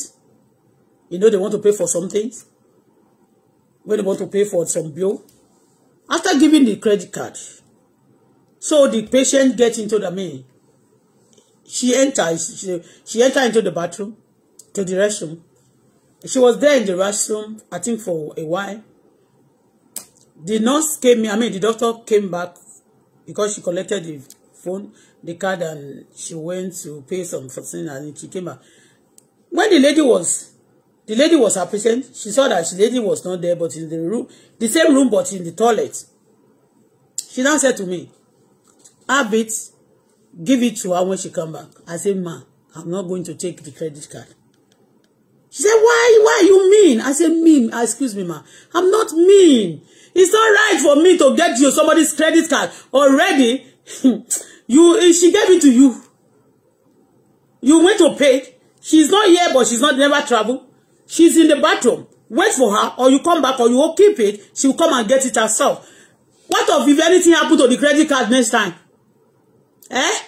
You know, they want to pay for some things when they want to pay for some bill. After giving the credit card, so the patient gets into the main. She enters, she, she entered into the bathroom, to the restroom. She was there in the restroom, I think for a while. The nurse came in, I mean, the doctor came back because she collected the phone, the card, and she went to pay some something, and she came back. When the lady was The lady was absent. She saw that the lady was not there, but in the room, the same room, but in the toilet. She now said to me, have it, give it to her when she come back. I said, ma, I'm not going to take the credit card. She said, why, why you mean? I said, mean, ah, excuse me, ma, I'm not mean. It's not right for me to get you somebody's credit card already. [LAUGHS] you, eh, she gave it to you. You went to pay. She's not here, but she's not never travel. She's in the bathroom. Wait for her or you come back or you will keep it. She will come and get it herself. What of if anything happen to the credit card next time? Eh?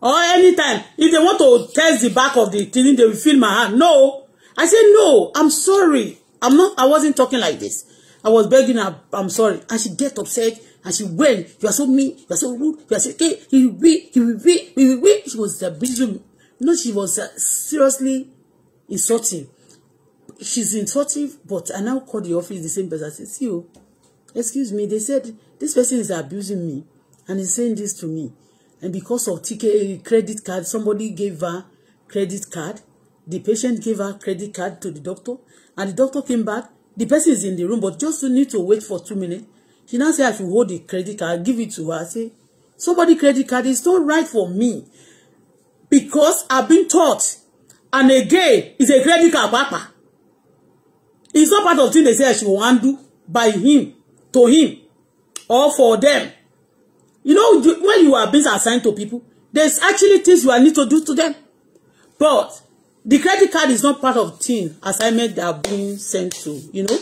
Or anytime. If they want to test the back of the thing, they will feel my hand. No. I said, no, I'm sorry. I'm not, I wasn't talking like this. I was begging her, I'm sorry. And she get upset and she went, you are so mean, you are so rude, you are so, okay, he will be, he will be, he will be. She was abusing me. No, she was uh, seriously insulting she's in but I now call the office the same person. I said, see you, excuse me. They said, this person is abusing me and he's saying this to me. And because of TK eh, credit card, somebody gave her credit card. The patient gave her credit card to the doctor. And the doctor came back. The person is in the room, but just need to wait for two minutes. She now said, I should hold the credit card, give it to her. I say, somebody credit card is not right for me because I've been taught. And again, it's a credit card, papa. It's not part of the thing they say she want undo by him, to him, or for them. You know, when you are being assigned to people, there's actually things you need to do to them. But the credit card is not part of thing assignment that are being sent to, you know.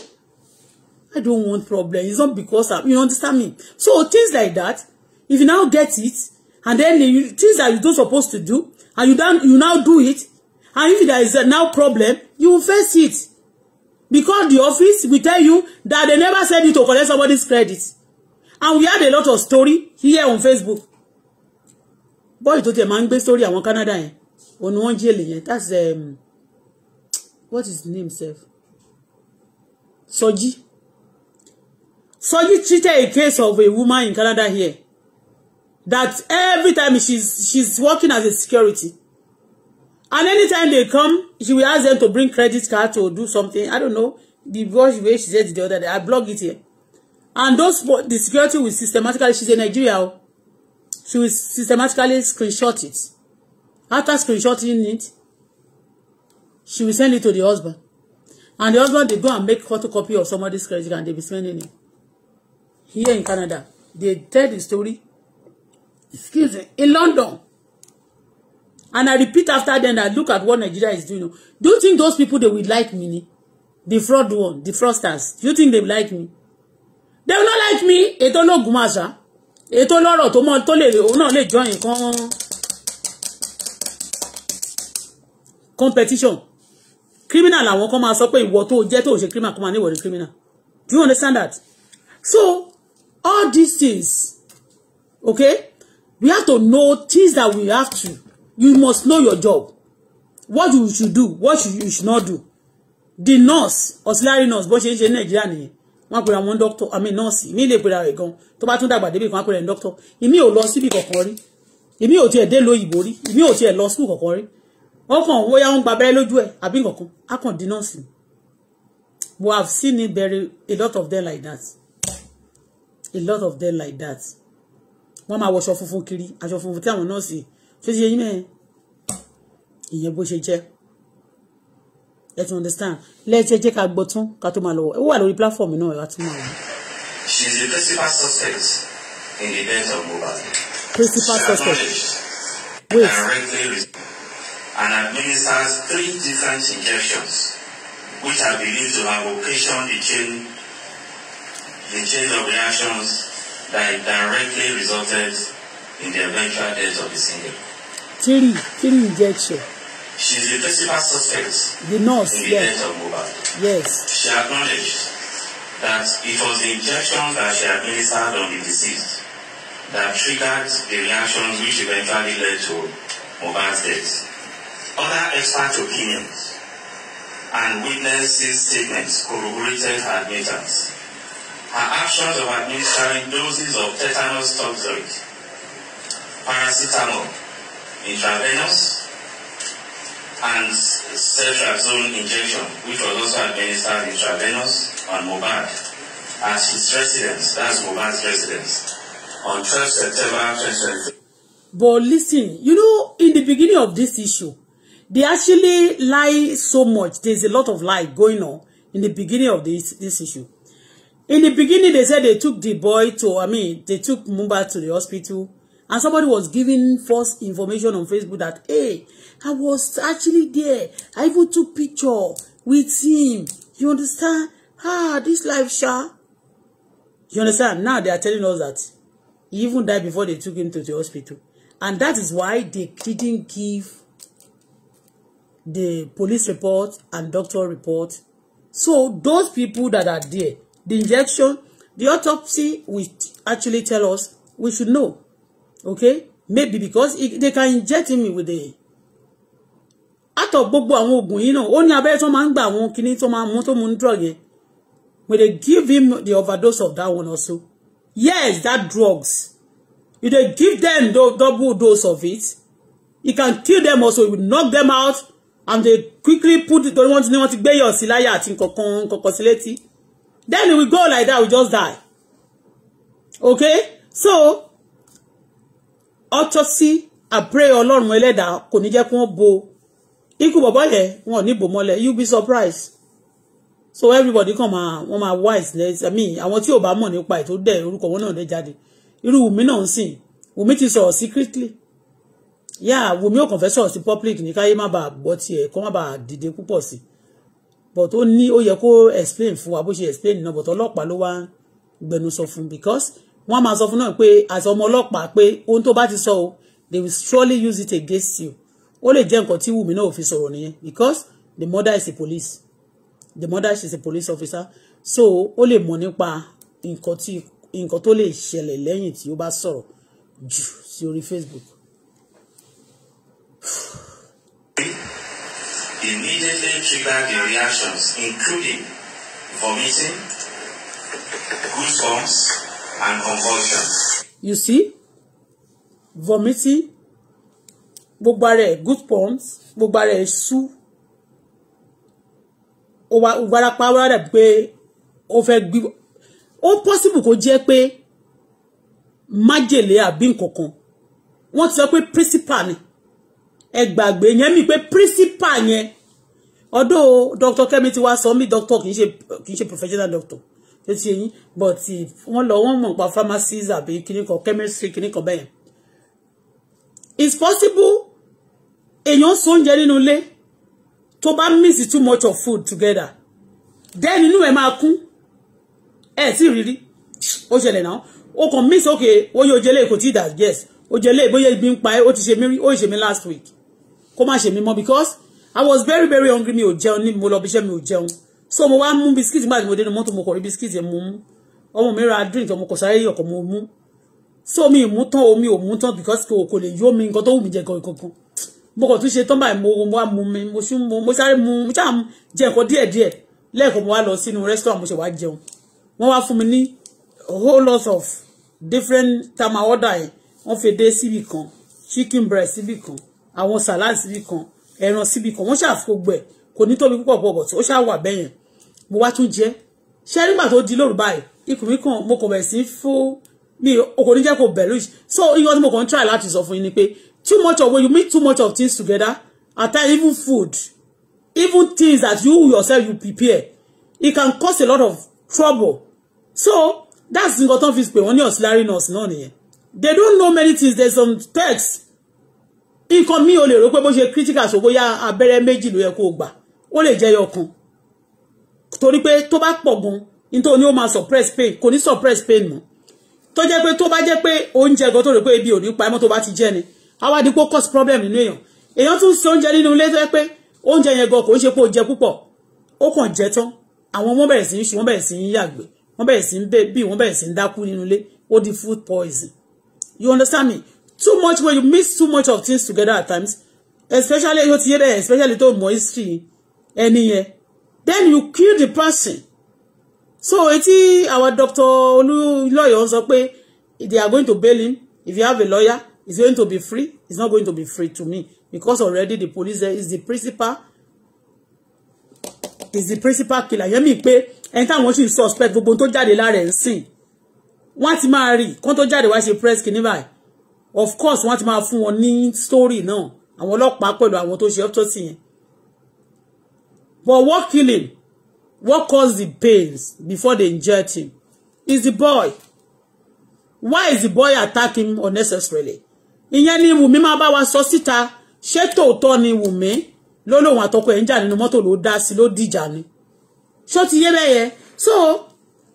I don't want problem. It's not because I, you understand me. So things like that, if you now get it, and then you, things that you don't supposed to do, and you don't, you now do it, and if there is a now problem, you will face it. Because the office will tell you that they never send you to collect somebody's credit. And we had a lot of story here on Facebook. Boy you tiẹ̀ máa ń gbé story on Canada yẹn. Òun wọ́n jí èlè That's um, what is his name sef? Soji. Soji treated a case of a woman in Canada here. That every time she's she's working as a security. And anytime they come, she will ask them to bring credit card to do something. I don't know. The voice way she said the other day, I blog it here. And those the security will systematically, she's in Nigeria, oh. she will systematically screenshot it. After screenshotting it, she will send it to the husband. And the husband, they go and make photocopy of somebody's credit card and they be spending it. Here in Canada, they tell the story. Excuse me. In London, And I repeat after them that look at what Nigeria is doing. Do you think those people, they will like me? The fraud one, the fraudsters. Do you think they like me? They will not like me. Ètò no máa ṣá. Ètò ọlọ́rọ̀ tó mọ tó lè òun náà join kan competition. Criminal làwọn kan máa sọ pé ìwọ tó jẹ́ tó ṣe criminal kan máa ní criminal. Do you understand that? So all these things, okay? We have to know things that we have to you must know your job what you should do what you should not do the nurse auxiliary nurse bó ṣe ń ṣe ní nàìjíríà nìyẹn wọn pèrè àwọn doctor àmì nọ́ọ̀sì mi lè pèrè àrẹ gan tó bá tún dàgbà débi kan wọn pèrè àwọn doctor èmi ò lọ síbi kankan rí èmi ò tiẹ̀ dé lóyìnbó rí èmi ò tiẹ̀ lọ school kankan rí wọn kàn wóyá wọn gba abẹ́rẹ́ lójú ẹ̀ àbí kankan á kàn di nọ́ọ̀sì we have seen it very a lot of them like that a lot of them like that wọ́n máa wọṣọ funfun kiri aṣọ funfun tí àwọn nọ́ọ̀sì ṣé ṣe mẹ́rin ìyẹn bó ṣe jẹ́ ẹ ti understand lẹ́ẹ̀tì ẹ jẹ́ ká gbọ́ tún ká tó máa lọ wọ̀ wà lórí platform náà ẹ wá tún máa wọ̀. she is the principal suspect in the death of Mohbad. principal suspect wait. and administered three different injections which are believed to have occasioned the chain the chain of reactions that directly resulted in the eventual death of the singer three three injection. She is the principal suspect. The nurse, in the yes. death of Mohbad. Yes. She acknowledged that it was the injection that she administered on the deceased that triggered the reaction which eventually led to Mohbad's death. Other expert opinions and witnesses' statements corroborated her admittance. Her actions of administering doses of tetanus toxoid, paracetamol, intravenous, and ceftriaxone injection, which was also administered intravenous on Mobad as his residence, that's Mobad's residence, on 12 September 2023. But listen, you know, in the beginning of this issue, they actually lie so much. There's a lot of lie going on in the beginning of this, this issue. In the beginning, they said they took the boy to, I mean, they took Mumba to the hospital and somebody was giving false information on Facebook that hey I was actually there I even took picture with him you understand ah this life sha you understand now they are telling us that he even died before they took him to the hospital and that is why they didn't give the police report and doctor report so those people that are there the injection the autopsy will actually tell us we should know okay maybe because they can inject me with the out of gbogbo àwọn oògùn yìí náà ó ní abẹ́rẹ́ tó máa ń gbà àwọn kinní tó máa ń mú tó drug yẹn when they give him the overdose of that one also yes that drugs if they give them the double dose of it it can kill them also it will knock them out and they quickly put torí wọ́n ti to wọ́n your gbéyọ̀ sí láyà àti nǹkankan nǹkankan sí létí then we go like that we just die okay so autopsy àpray ọlọ́run ẹlẹ́dàá kò ní jẹ́ kí wọ́n bo ikú bọ̀bọ̀ yẹn wọn ò ní bò mọ́lẹ̀ you be surprised so everybody kàn máa wọ́n máa wise lẹ́sẹ̀ I mean àwọn tí ò bá mọ̀ nípa ètò dẹ̀ orúkọ wọn náà lè jáde irú Wùmí náà ń sìn Wùmí ti sọ̀rọ̀ secretly yeah Wùmí ò kàn fẹ́ sọ̀rọ̀ sí public ní káyé má bàa gbọ́ tiẹ̀ kó má bàa dìde púpọ̀ sí but ó ní ó yẹ kó explain fún wa bó ṣe explain náà but ọlọ́pàá ló wá gbẹnusọ fún because wọ́n máa sọ fún náà pé àti ọmọ ọlọ́pàá pé ohun tó bá ti sọ o they will surely use it against you ó lè jẹ́ nǹkan tí Wùmí náà ò fi sọ̀rọ̀ nìyẹn because the mother is a police the mother is a police officer so ó lè mọ̀ nípa nǹkan tí nǹkan tó lè ṣẹlẹ̀ lẹ́yìn tí ó bá sọ̀rọ̀ jù sí orí Facebook. immediately triggered the reactions including vomiting goosebumps and convulsion. you see vomiting gbogbo ara ẹ good pumps gbogbo ara ẹ sú ìwarapa ara rẹ pé ó fẹ́ gbí ó possible kó jẹ́ pé májèlé àbí nǹkankan wọ́n ti sọ pé principal ni ẹ gbàgbé yẹn mi pé principal yẹn ọ̀dọ̀ Dr. Kẹ́mi ti wá sọ mí doctor kì í ṣe kì í ṣe professional doctor ó ti yín but wọ́n lọ wọ́n mọ̀ pa pharmacies àbí kìnnìkan chemistry kìnnìkan bẹ́ẹ̀ it's possible èèyàn sóúnjẹ nínú ilé tó bá miss too much of food together then inú ẹ máa kún ẹ sì rírí ó ṣẹlẹ̀ náà ó kàn mix òkè wọ́n yóò jẹ́lé kò tí ì digest ó jẹ́lé bóyá ibi ń pa ẹ́ ó ti ṣe mí rí ó ṣe mí last week kó má ṣe mí mọ́ because I was very very hungry mi ò jẹun ní mo lọ bí iṣẹ́ mi ò jẹun so mo wá mú bisikíìtì nígbà tí mo dé inú mọ́tò mo kọ̀ rí bisikíìtì mo mú mi ra drink ọmọ kọ̀ sáré ọkọ̀ mo mú so mi mú tán omi ò mú tán because kò kò lè yó mi nǹkan tó wù mí jẹ kankan mo kàn tún ṣe tán báyìí mo wá mu mi mo ṣú mo sáré mu mo ṣáà jẹ nǹkan díẹ̀ díẹ̀ lẹ́ẹ̀kan mo wá lọ sínú restaurant mo ṣe wá jẹun wọ́n wá fún mi ní whole lot of different tama order ẹ̀ wọ́n fi dé síbì kan chicken breast síbì kan àwọn salad síbì kan ẹran síbì kan wọ́n ṣàfikún gbẹ̀ kò ní tóbi púpọ̀ pọ̀ bọ̀ tí ó ṣáà bẹ́yẹn mo wá tún jẹ ṣé nígbà tó di lóru báyìí ikùn mi kàn mo kàn bẹ̀rẹ̀ sí fún mi kò ní jẹ́ kó bẹ̀lúṣ so iye ọdún mo kàn ń try láti sọ fún yín ni pé too much of you meet too much of things together at times even food even things that you yourself you prepare it can cause a lot of trouble so that's nǹkan tó ń fi pè wọ́n ní auxiliary nurse náà nìyẹn they don't know many things there's some text nǹkan mi ò lè rò pé bó ṣe critical so bóyá abẹ́rẹ́ méjì ló yẹ kó o gbà ó lè jẹ́ yọkan torí pé tó bá pọ̀ gan nítorí ni ó máa suppress pain kò ní suppress pain mọ́ tó jẹ́ pé tó bá jẹ́ pé oúnjẹ gan tó rò pé ebi ò ní pa ẹmọ́ tó bá ti jẹ́ ni àwa di pé cause problem nínú èèyàn èèyàn tún ṣe oúnjẹ nínú ilé tó jẹ́ pé oúnjẹ yẹn gan kò ń ṣe pé ó jẹ púpọ̀ ó kàn jẹ tán àwọn ọmọ bẹ̀rẹ̀ sí ń ṣu wọ́n bẹ̀rẹ̀ sí ń yàgbẹ́ wọ́n bẹ̀rẹ̀ sí ń bí wọ́n bẹ̀rẹ̀ sí ń dákú nínú ilé ó di food poison you understand me too much when you mix too much of things together at times especially ó ti yé bẹ́ẹ̀ especially tó mọ̀ history ẹni yẹn then you kill the person so eti our doctor olúlọ́yọ̀ sọ pé they are going to bail him if you have a lawyer he's going to be free he's not going to be free to me because already the police eh, is the principal is the principal killer yẹn mi pé ẹni táwọn sì suspect gbogbo tó jáde lára ẹ̀ ń sìn wọ́n ti máa rí kán tó jáde wá ṣe press kìíní báyìí of course wọ́n ti máa fun. wọn ní story náà àwọn ọlọ́pàá pẹ̀lú àwọn tó ṣe autopsy yẹn But what killed him? What caused the pains before they injured him? Is the boy. Why is the boy attacking him unnecessarily? Ìyẹn ni Wùmí máa wa sọ sheto Ṣé tòótọ́ lolo Wùmí? Ló injani àtọkọ ẹ̀ ń jà nínú mọ́tò ló dá sí So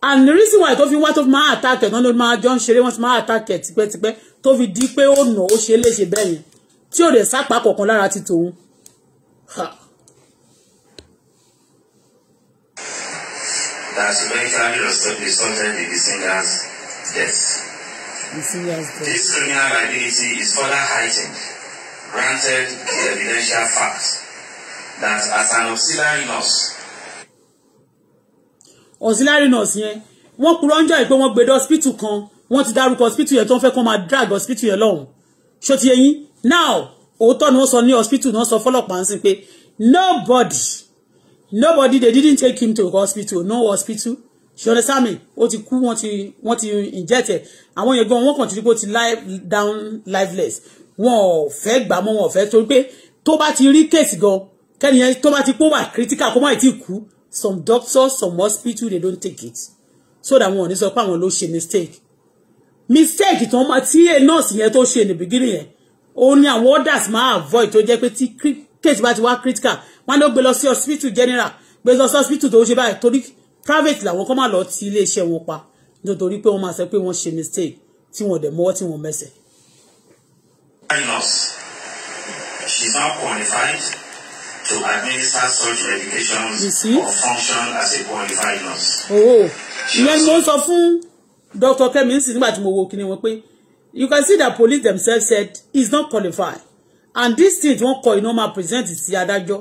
and the reason why tó fi wá tó fi máa attack ẹ̀ náà ló máa jọ ń ṣeré wọ́n ti máa attack ẹ̀ tipẹ́tipẹ́ tó fi di pé ó nà ó ṣe é léṣe bẹ́ẹ̀ yẹn tí ò dẹ̀ sápá kọ̀ọ̀kan lára ti tòun. that eventually resulted in the singer's death. This criminal liability is further heightened, granted the evidential fact that as an auxiliary nurse. auxiliary nurse yẹn wọ́n kúrò ń jọ ìpé wọ́n gbèdé hospital kan wọ́n ti dárúkọ hospital yẹn tó ń fẹ́ kó máa drag hospital yẹn lọ́hùn ṣó ti yẹ yín now òótọ́ ni wọ́n sọ ní hospital náà sọ fọ́lọ́pàá ń sìn pé nobody nobody they didn't take him to hospital no hospital ṣe understand me ó ti kú wọ́n ti wọ́n ti injected? ẹ̀ àwọn yẹn gan wọ́n kàn ti rí pé ó ti lie down lifeless wọn ò fẹ́ gbà mọ́ wọn ò fẹ́ torí pé tó bá ti rí case gan kẹ́ni yẹn tó bá ti pọ́ wà critical kó má ti kú some doctors some hospital they don't take it so that wọn ò ní sọ pé àwọn ló mistake mistake tó máa tí a nurse yẹn tó in the beginning yẹn òun ni àwọn orders máa avoid to jẹ́ pé tí kéèsì bá ti wá critical wọn ló gbé lọ sí hospital general gbé lọ hospital tó ṣe báyìí torí private làwọn kan máa lọ ti iléeṣẹ́ wọn pa nítorí pé wọ́n máa sọ pé wọ́n ṣe mistake tí wọ́n dẹ̀ mọ́wọ́ tí wọ́n mẹ́sẹ̀. She is now qualified to administer such medications or function as a qualified nurse. Oh, ni mo sọ fún Dr. Kemi nígbà tí mo wo kíni wọn you can see that police themselves said he is not qualified and this thing tí wọ́n kọ iná máa present sí adájọ́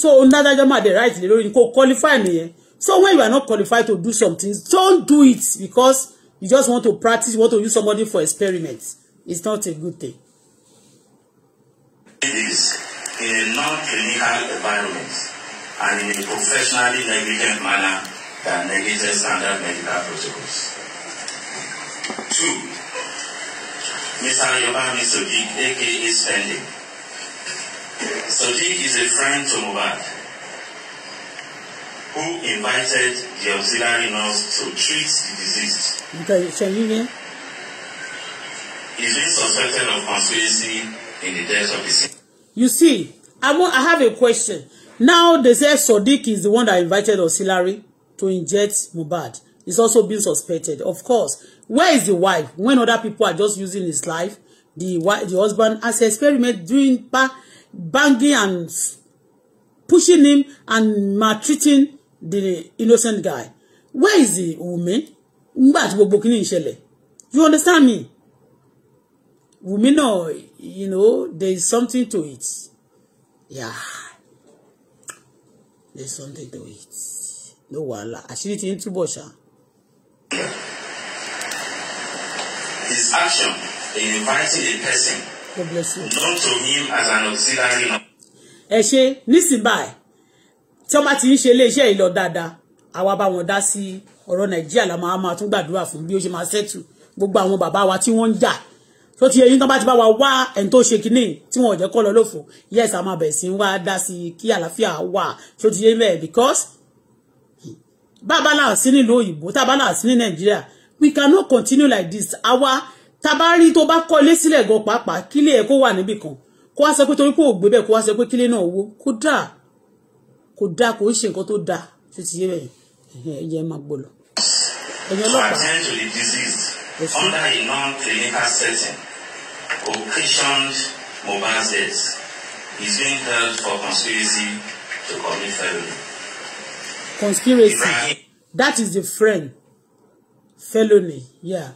so onídájọ́ máa dẹ̀ right lórí ni kò qualify nìyẹn so when you are not qualified to do something don't do it because you just want to practice you want to use somebody for experiment it's not a good thing. it is in a non-clinical environment and in a professionally negligent manner that negated standard medical protocols. Two, Mr. Mr. Sodiq, aka Spending, Sadiq is a friend to Mohbad, who invited the auxiliary nurse to treat the deceased. He's been suspected of conspiracy in the death of the sick. You see, I, want, I have a question. Now they say Sadiq is the one that invited auxiliary to inject Mubad. He's also been suspected. Of course, where is the wife when other people are just using his life? The the husband as experiment doing part banging and pushing him and maltreating the innocent guy where is the woman nígbà tí gbogbo kìíní you understand me woman náà you know there is something to it yeah there's something to it no one. Actually, ti ń túbọ̀ his action in inviting a person God bless you. Not to him as an auxiliary. Ẹ ṣe nísìnyí báyìí tí wọ́n bá ti ń ṣe iléeṣẹ́ yìí lọ dáadáa àwa bá wọn dá sí ọ̀rọ̀ Nàìjíríà la máa máa tún gbàdúrà fún bí ó ṣe máa ṣẹ́tù gbogbo àwọn bàbá wa tí wọ́n ń jà tó ti eyín tán bá ti bá wa wá ẹni tó ṣe kinní tí wọn ò jẹ́ kọ́ lọ lófo yes a máa bẹ̀rẹ̀ sí wá dá sí kí àlàáfíà wà tó ti yé mẹ́ẹ̀ because bàbá náà sí nílùú òyìnbó tábà náà sí ní Nàìjíríà we cannot continue like this Our tá bá rí tó bá kọ́ gan pàápàá kílé ẹ̀ kó wà níbì kan kó wá sọ pé torí pé ò gbé bẹ́ẹ̀ kó wá sọ pé kílé náà wó kó dáa kó dáa kó ń ṣe nǹkan tó ti yé bẹ́ẹ̀ ẹ jẹ́ máa gbọ́ lọ. ẹ̀yin under a non-clinical setting occasioned Mohbad death is being held for conspiracy to commit felony. conspiracy that is the friend felony yeah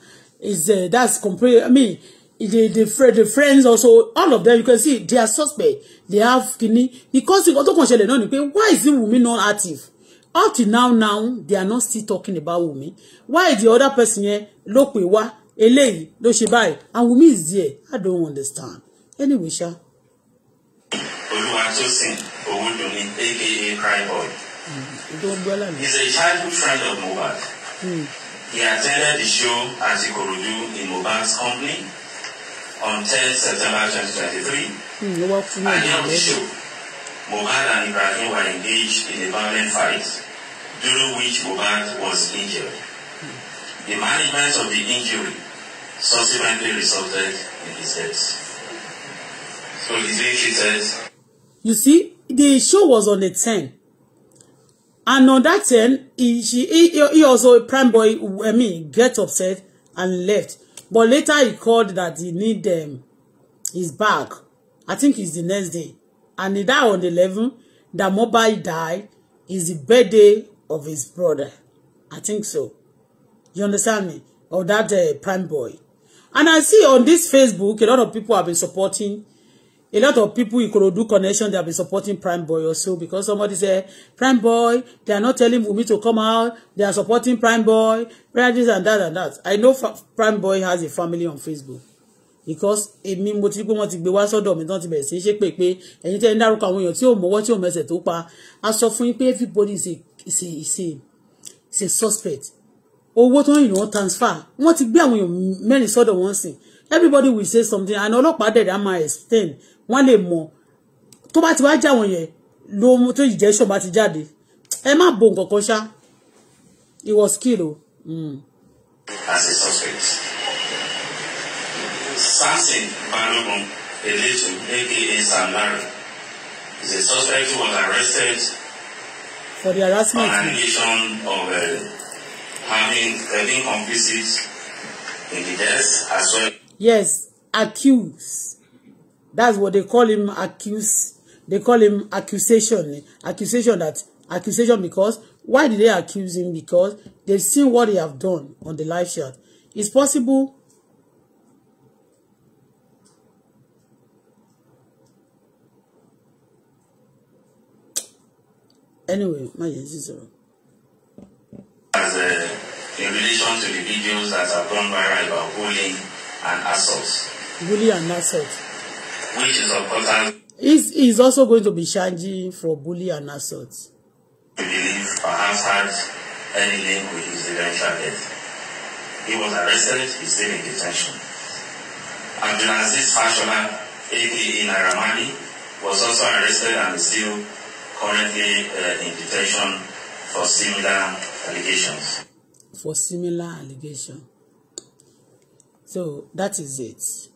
is uh, that's complete. I mean, the, the the friends also all of them you can see they are suspect. They have kidney because nǹkan tó kàn ṣẹlẹ̀ náà ni pé why is Wunmi not active? Up till now now they are not still talking about Wunmi. Why is the other person yẹn ló pè wá eléyìí ló ṣe báyìí and Wunmi is there. I don't understand. Anyway, ṣá. Olúwatósìn Owódùnmí aka Primeboy. Mm, He's a childhood friend of Mohbad. Mm. He attended the show at Ikorodu in Mohbad's company on 10 September 2023. Hmm, at the end of the show, Mohbad and Ibrahim were engaged in a violent fight, during which Mohbad was injured. Hmm. The management of the injury subsequently resulted in his death. So he's being treated. You see, the show was on the 10 And on that end, he, she, he, he also, a prime boy, I mean, get upset and left. But later he called that he need them. Um, his bag. I think it's the next day. And he died on the 11th. That Mohbad died is the birthday of his brother. I think so. You understand me? Of that uh, prime boy. And I see on this Facebook, a lot of people have been supporting a lot of people Ikorodu connection they have been supporting Prime Boy also because somebody said Prime Boy they are not telling Wumi to come out they are supporting Prime Boy this and that and that I know Prime Boy has a family on Facebook because èmi mo ti rí pé wọ́n ti gbé wá sọ́dọ̀ mi tán ti bẹ̀rẹ̀ sí í ṣe pé pé ẹ̀yin tẹ́ ń dárúkọ àwọn èèyàn tí ò mọ́wọ́ tí ò mẹsẹ̀ tó pa a sọ fún yín everybody is a is a is a is a suspect owó tó ń yìn wọ́n transfer wọ́n ti gbé àwọn èèyàn mẹ́rin sọ́dọ̀ wọn sìn everybody will say something and ọlọ́pàá dẹ̀dẹ̀ á máa extend wọ́n lè mọ̀ tó bá ti wá já wọn yẹn ló mú tó injection bá ti jáde ẹ má bo nǹkan kan ṣá it was o. Hmm. as a suspect samson balogun eletu aka sam larry is a suspect who was arrested for the harassment on allegation of uh, having uh, complicit in the death as well. yes accused That's what they call him accuse. They call him accusation. Eh? Accusation that accusation because why did they accuse him? Because they've seen what he have done on the live shot. It's possible. Anyway, my is zero. As a, uh, in relation to the videos that have gone viral about bullying and assault. Bullying and assault which is of constant. He's, also going to be changing for bully and assault. We believe perhaps had any link with his eventual death. He was arrested, he's still in detention. Abdulaziz Fashola, aka Naramani, was also arrested and is still currently uh, in detention for similar allegations. For similar allegations. So that is it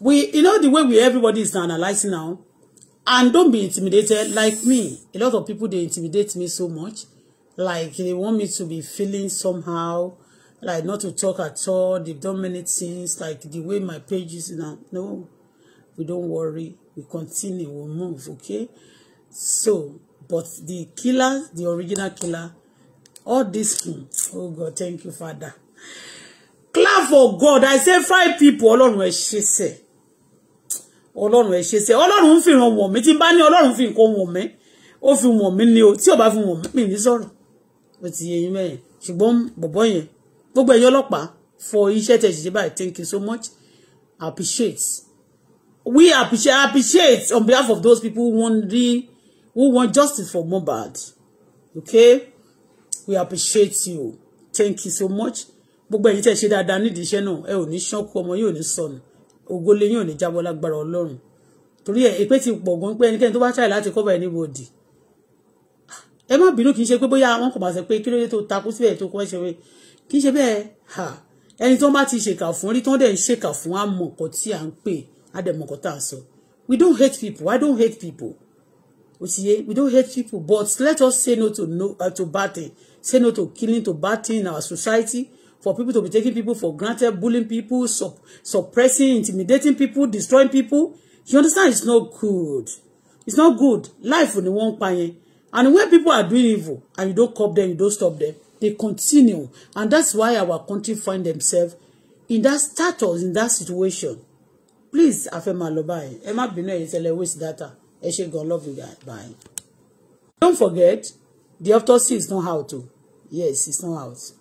we you know the way we everybody is analyzing now and don't be intimidated like me a lot of people they intimidate me so much like they want me to be feeling somehow like not to talk at all they've done many things like the way my page is now no we don't worry we continue we move okay so but the killer the original killer all this hmm, oh God thank you Father clap for God I say five people Ọlọ́run where she sẹ ọlọ́run ẹ ṣe sí ẹ ọlọ́run ń fìràn wọ̀n mí tí bá ní ọlọ́run fi nǹkan wọ̀n mí ó fi wọ̀n mí ni o tí ò fi wọ̀n mí mi ní sọ̀rọ̀ ó ti yẹ yín mẹ́yìn ṣùgbọ́n bọ̀bọ́ yẹn gbogbo ẹ̀yọ́ ọlọ́pàá for iṣẹ́ tẹ̀ ṣiṣẹ́ báyìí thank you so much I appreciate we appreciate appreciate on behalf of those people who want the who want justice for Mohbad okay we appreciate you thank you so much gbogbo ẹ̀yin tẹ̀ ṣe dáadáa nídìí iṣẹ́ náà ẹ ò ní ṣánkú ọmọ yóò ní sọnù ògo lẹ́yìn ní jábọ́ lágbára ọlọ́run torí ẹ̀ èpè ti pọ̀ gan pé ẹnikẹ́ni tó bá ṣàì láti cover anybody ẹ má bínú kì í ṣe pé bóyá wọn kò bá sọ pé kí ló dé tó takú síbẹ̀ tó kọ́ ṣe kì í ṣe bẹ́ẹ̀ ẹni tó bá ti ṣèkà fún rí tó dẹ̀ ń ṣèkà fún àmọ̀kọ́ tí à ń pè àdẹ̀mọ̀kọ́ tá a sọ we don't hate people I don't hate people òtíye we don't hate people but let us say no to, no, uh, to bad things. say no to killing to bad things in our society for people to be taking people for granted, bullying people, sup suppressing, intimidating people, destroying people. You understand? It's not good. It's not good. Life only one pay. And when people are doing evil and you don't cop them, you don't stop them, they continue. And that's why our country find themselves in that status, in that situation. Please, Afema Lobai, Emma Bino is a waste data. I should love you guys. Bye. Don't forget, the autopsy is not how to. Yes, it's not out.